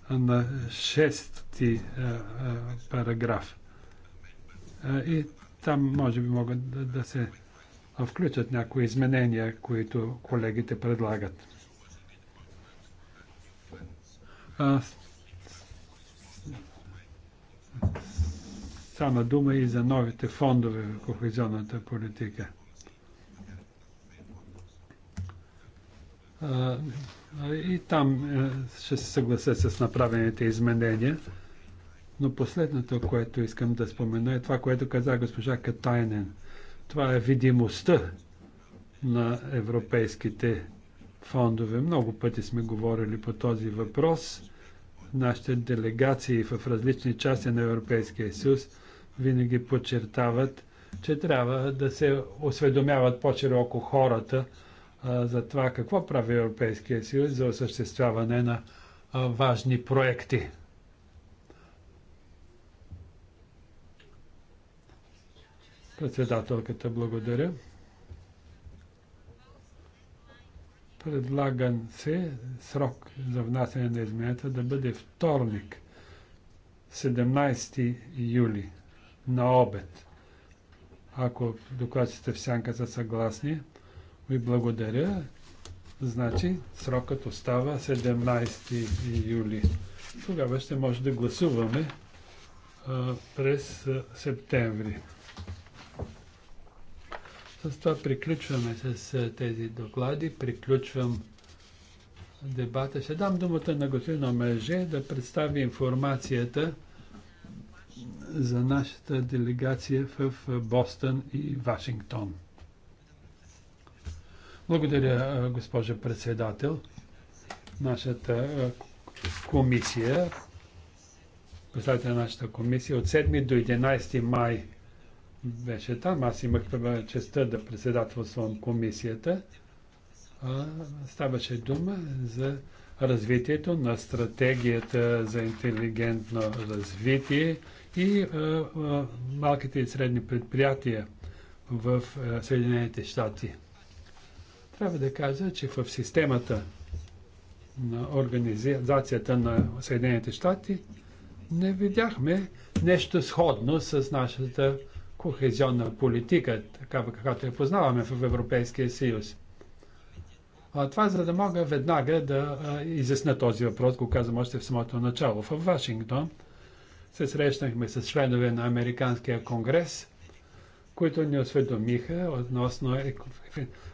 на шести параграф. И там може би могат да се включат някои изменения, които колегите предлагат. Стана дума и за новите фондове в кохезионната политика. И там е, ще се съглася с направените изменения. Но последното, което искам да спомена е това, което каза госпожа Катайнен. Това е видимостта на европейските фондове. Много пъти сме говорили по този въпрос нашите делегации в различни части на Европейския съюз винаги подчертават, че трябва да се осведомяват по-широко хората а, за това какво прави Европейския съюз за осъществяване на а, важни проекти. Председателката, благодаря. Предлаган се срок за внасяне на измененията да бъде вторник, 17 юли, на обед. Ако докладчите в сянка са съгласни, ви благодаря. Значи срокът остава 17 юли. Тогава ще може да гласуваме а, през септември. С това приключваме с тези доклади. Приключвам дебата. Ще дам думата на господин Омеже да представи информацията за нашата делегация в Бостън и Вашингтон. Благодаря, госпожа председател. Нашата комисия, представител на нашата комисия от 7 до 11 май беше там. Аз имах честа да председателствам комисията. А, ставаше дума за развитието на стратегията за интелигентно развитие и а, а, малките и средни предприятия в а, Съединените щати. Трябва да кажа, че в системата на организацията на Съединените щати не видяхме нещо сходно с нашата кохезионна политика, такава каквато я познаваме в Европейския съюз. А, това за да мога веднага да а, изясна този въпрос, го казвам още в самото начало. В Вашингтон се срещнахме с членове на Американския конгрес, които ни осведомиха относно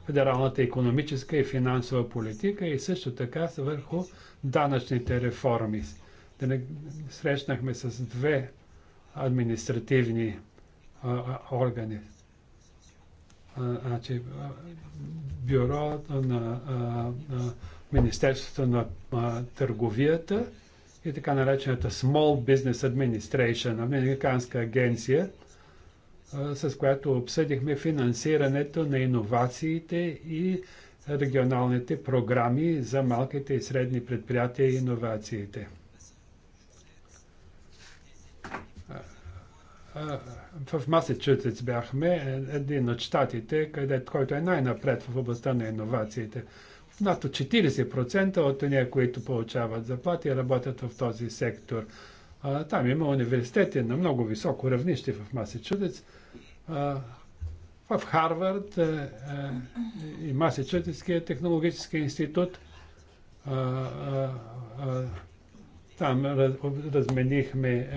федералната економическа и финансова политика и също така върху данъчните реформи. Срещнахме с две административни органи. Значи, бюро на Министерството на търговията и така наречената Small Business Administration, американска агенция, с която обсъдихме финансирането на иновациите и регионалните програми за малките и средни предприятия и иновациите. в Масачусетс бяхме, е, един от щатите, къде, който е най-напред в областта на иновациите. Над 40% от тези, които получават заплати, работят в този сектор. А, там има университети на много високо равнище в Масачусетс. В Харвард а, е, е, и Масачусетския технологически институт – там разменихме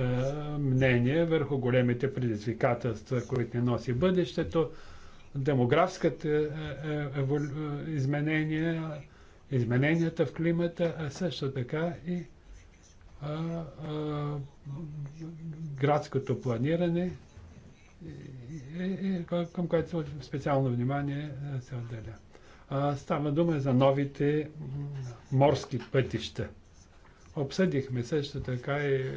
мнение върху големите предизвикателства, които не носи бъдещето, демографската изменения, измененията в климата, а също така и а, а, градското планиране, и, и, към което специално внимание се отделя. А, става дума за новите морски пътища. Обсъдихме също така и е,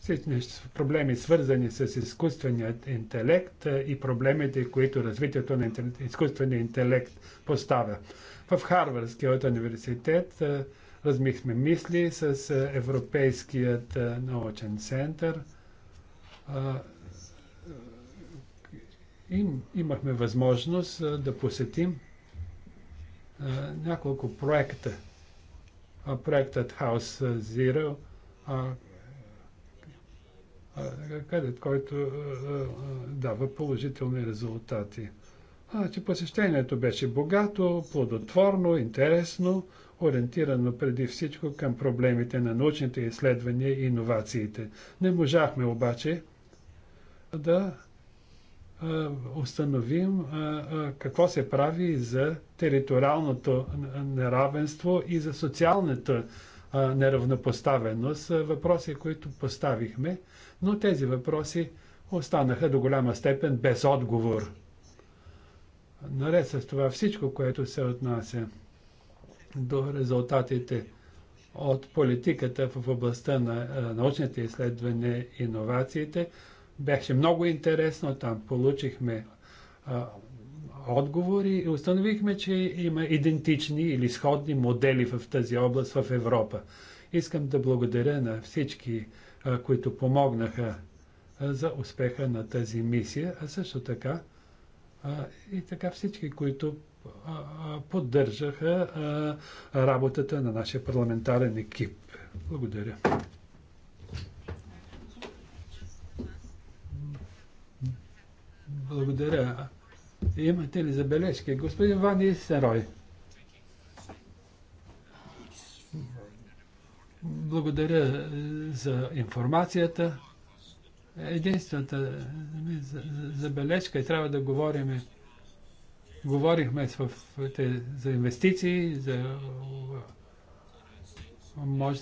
всички проблеми, свързани с изкуственият интелект е, и проблемите, които развитието на изкуствения интелект поставя. В Харвардския университет е, размихме мисли с Европейският научен център. Им, имахме възможност да посетим няколко проекта проектът House Zero, където, който дава положителни резултати. че значи, посещението беше богато, плодотворно, интересно, ориентирано преди всичко към проблемите на научните изследвания и иновациите. Не можахме обаче да установим какво се прави за териториалното неравенство и за социалната неравнопоставеност. Въпроси, които поставихме, но тези въпроси останаха до голяма степен без отговор. Наред с това всичко, което се отнася до резултатите от политиката в областта на научните изследвания и иновациите, беше много интересно, там получихме а, отговори и установихме, че има идентични или сходни модели в тази област в Европа. Искам да благодаря на всички, а, които помогнаха а, за успеха на тази мисия, а също така а, и така всички, които поддържаха работата на нашия парламентарен екип. Благодаря. Благодаря. Имате ли забележки? Господин Вани Сарой. Благодаря е, за информацията. Единствената е, забележка и трябва да говорим говорихме за инвестиции, за може,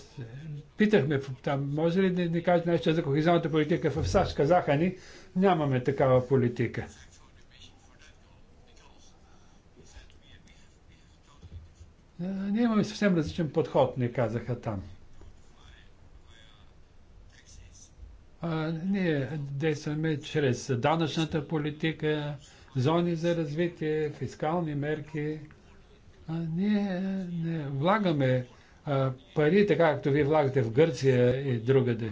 питахме, там, може ли да ни кажете нещо за кохезионната политика в САЩ? Казаха ни, нямаме такава политика. Ние имаме съвсем различен подход, ни казаха там. А, ние действаме чрез данъчната политика, зони за развитие, фискални мерки. А, ние не влагаме пари, така както ви влагате в Гърция и другаде.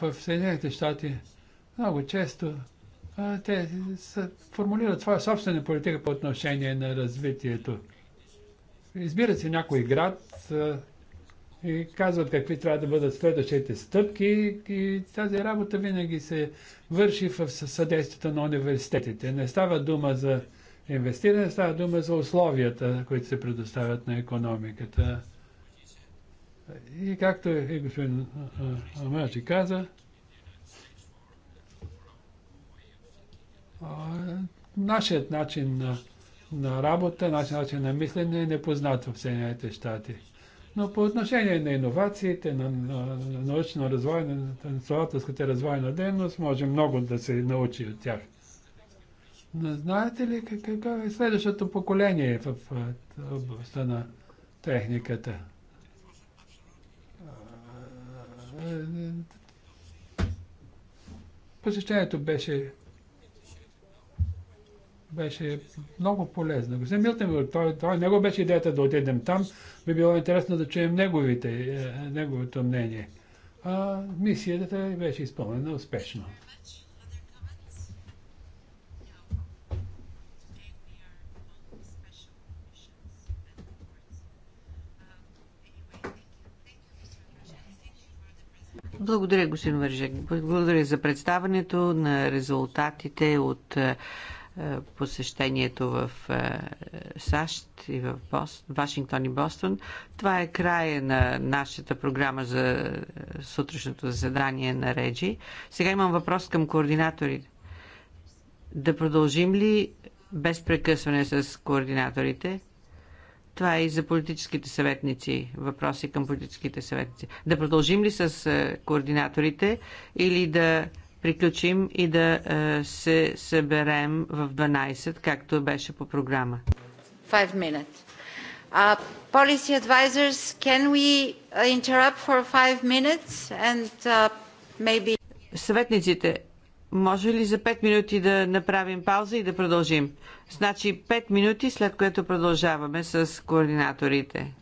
В Съединените щати много често те формулират своя собствена политика по отношение на развитието. Избират се, някой град и казват какви трябва да бъдат следващите стъпки и тази работа винаги се върши в съдействието на университетите. Не става дума за инвестиране, става дума за условията, които се предоставят на економиката. И както и господин Амачи каза, нашият начин на, на работа, нашият начин на мислене е непознат в Съединените щати. Но по отношение на иновациите, на, на, на научно развоя, на изследователската на дейност, може много да се научи от тях. Не знаете ли какво е следващото поколение в областта на техниката? Посещението беше беше много полезно. Господин Милтенбург, той, той, него беше идеята да отидем там. Би било интересно да чуем неговите, е, неговото мнение. А, мисията е, беше изпълнена успешно. Благодаря, господин Вържек. Благодаря за представането на резултатите от е, е, посещението в е, САЩ и в Бостон, Вашингтон и Бостон. Това е края на нашата програма за сутрешното заседание на Реджи. Сега имам въпрос към координаторите. Да продължим ли без прекъсване с координаторите? Това е и за политическите съветници, въпроси към политическите съветници. Да продължим ли с е, координаторите или да приключим и да е, се съберем в 12, както беше по програма? 5 minutes. Uh, policy advisors, can we uh, interrupt for 5 minutes and uh, maybe... Съветниците, може ли за 5 минути да направим пауза и да продължим? Значи 5 минути, след което продължаваме с координаторите.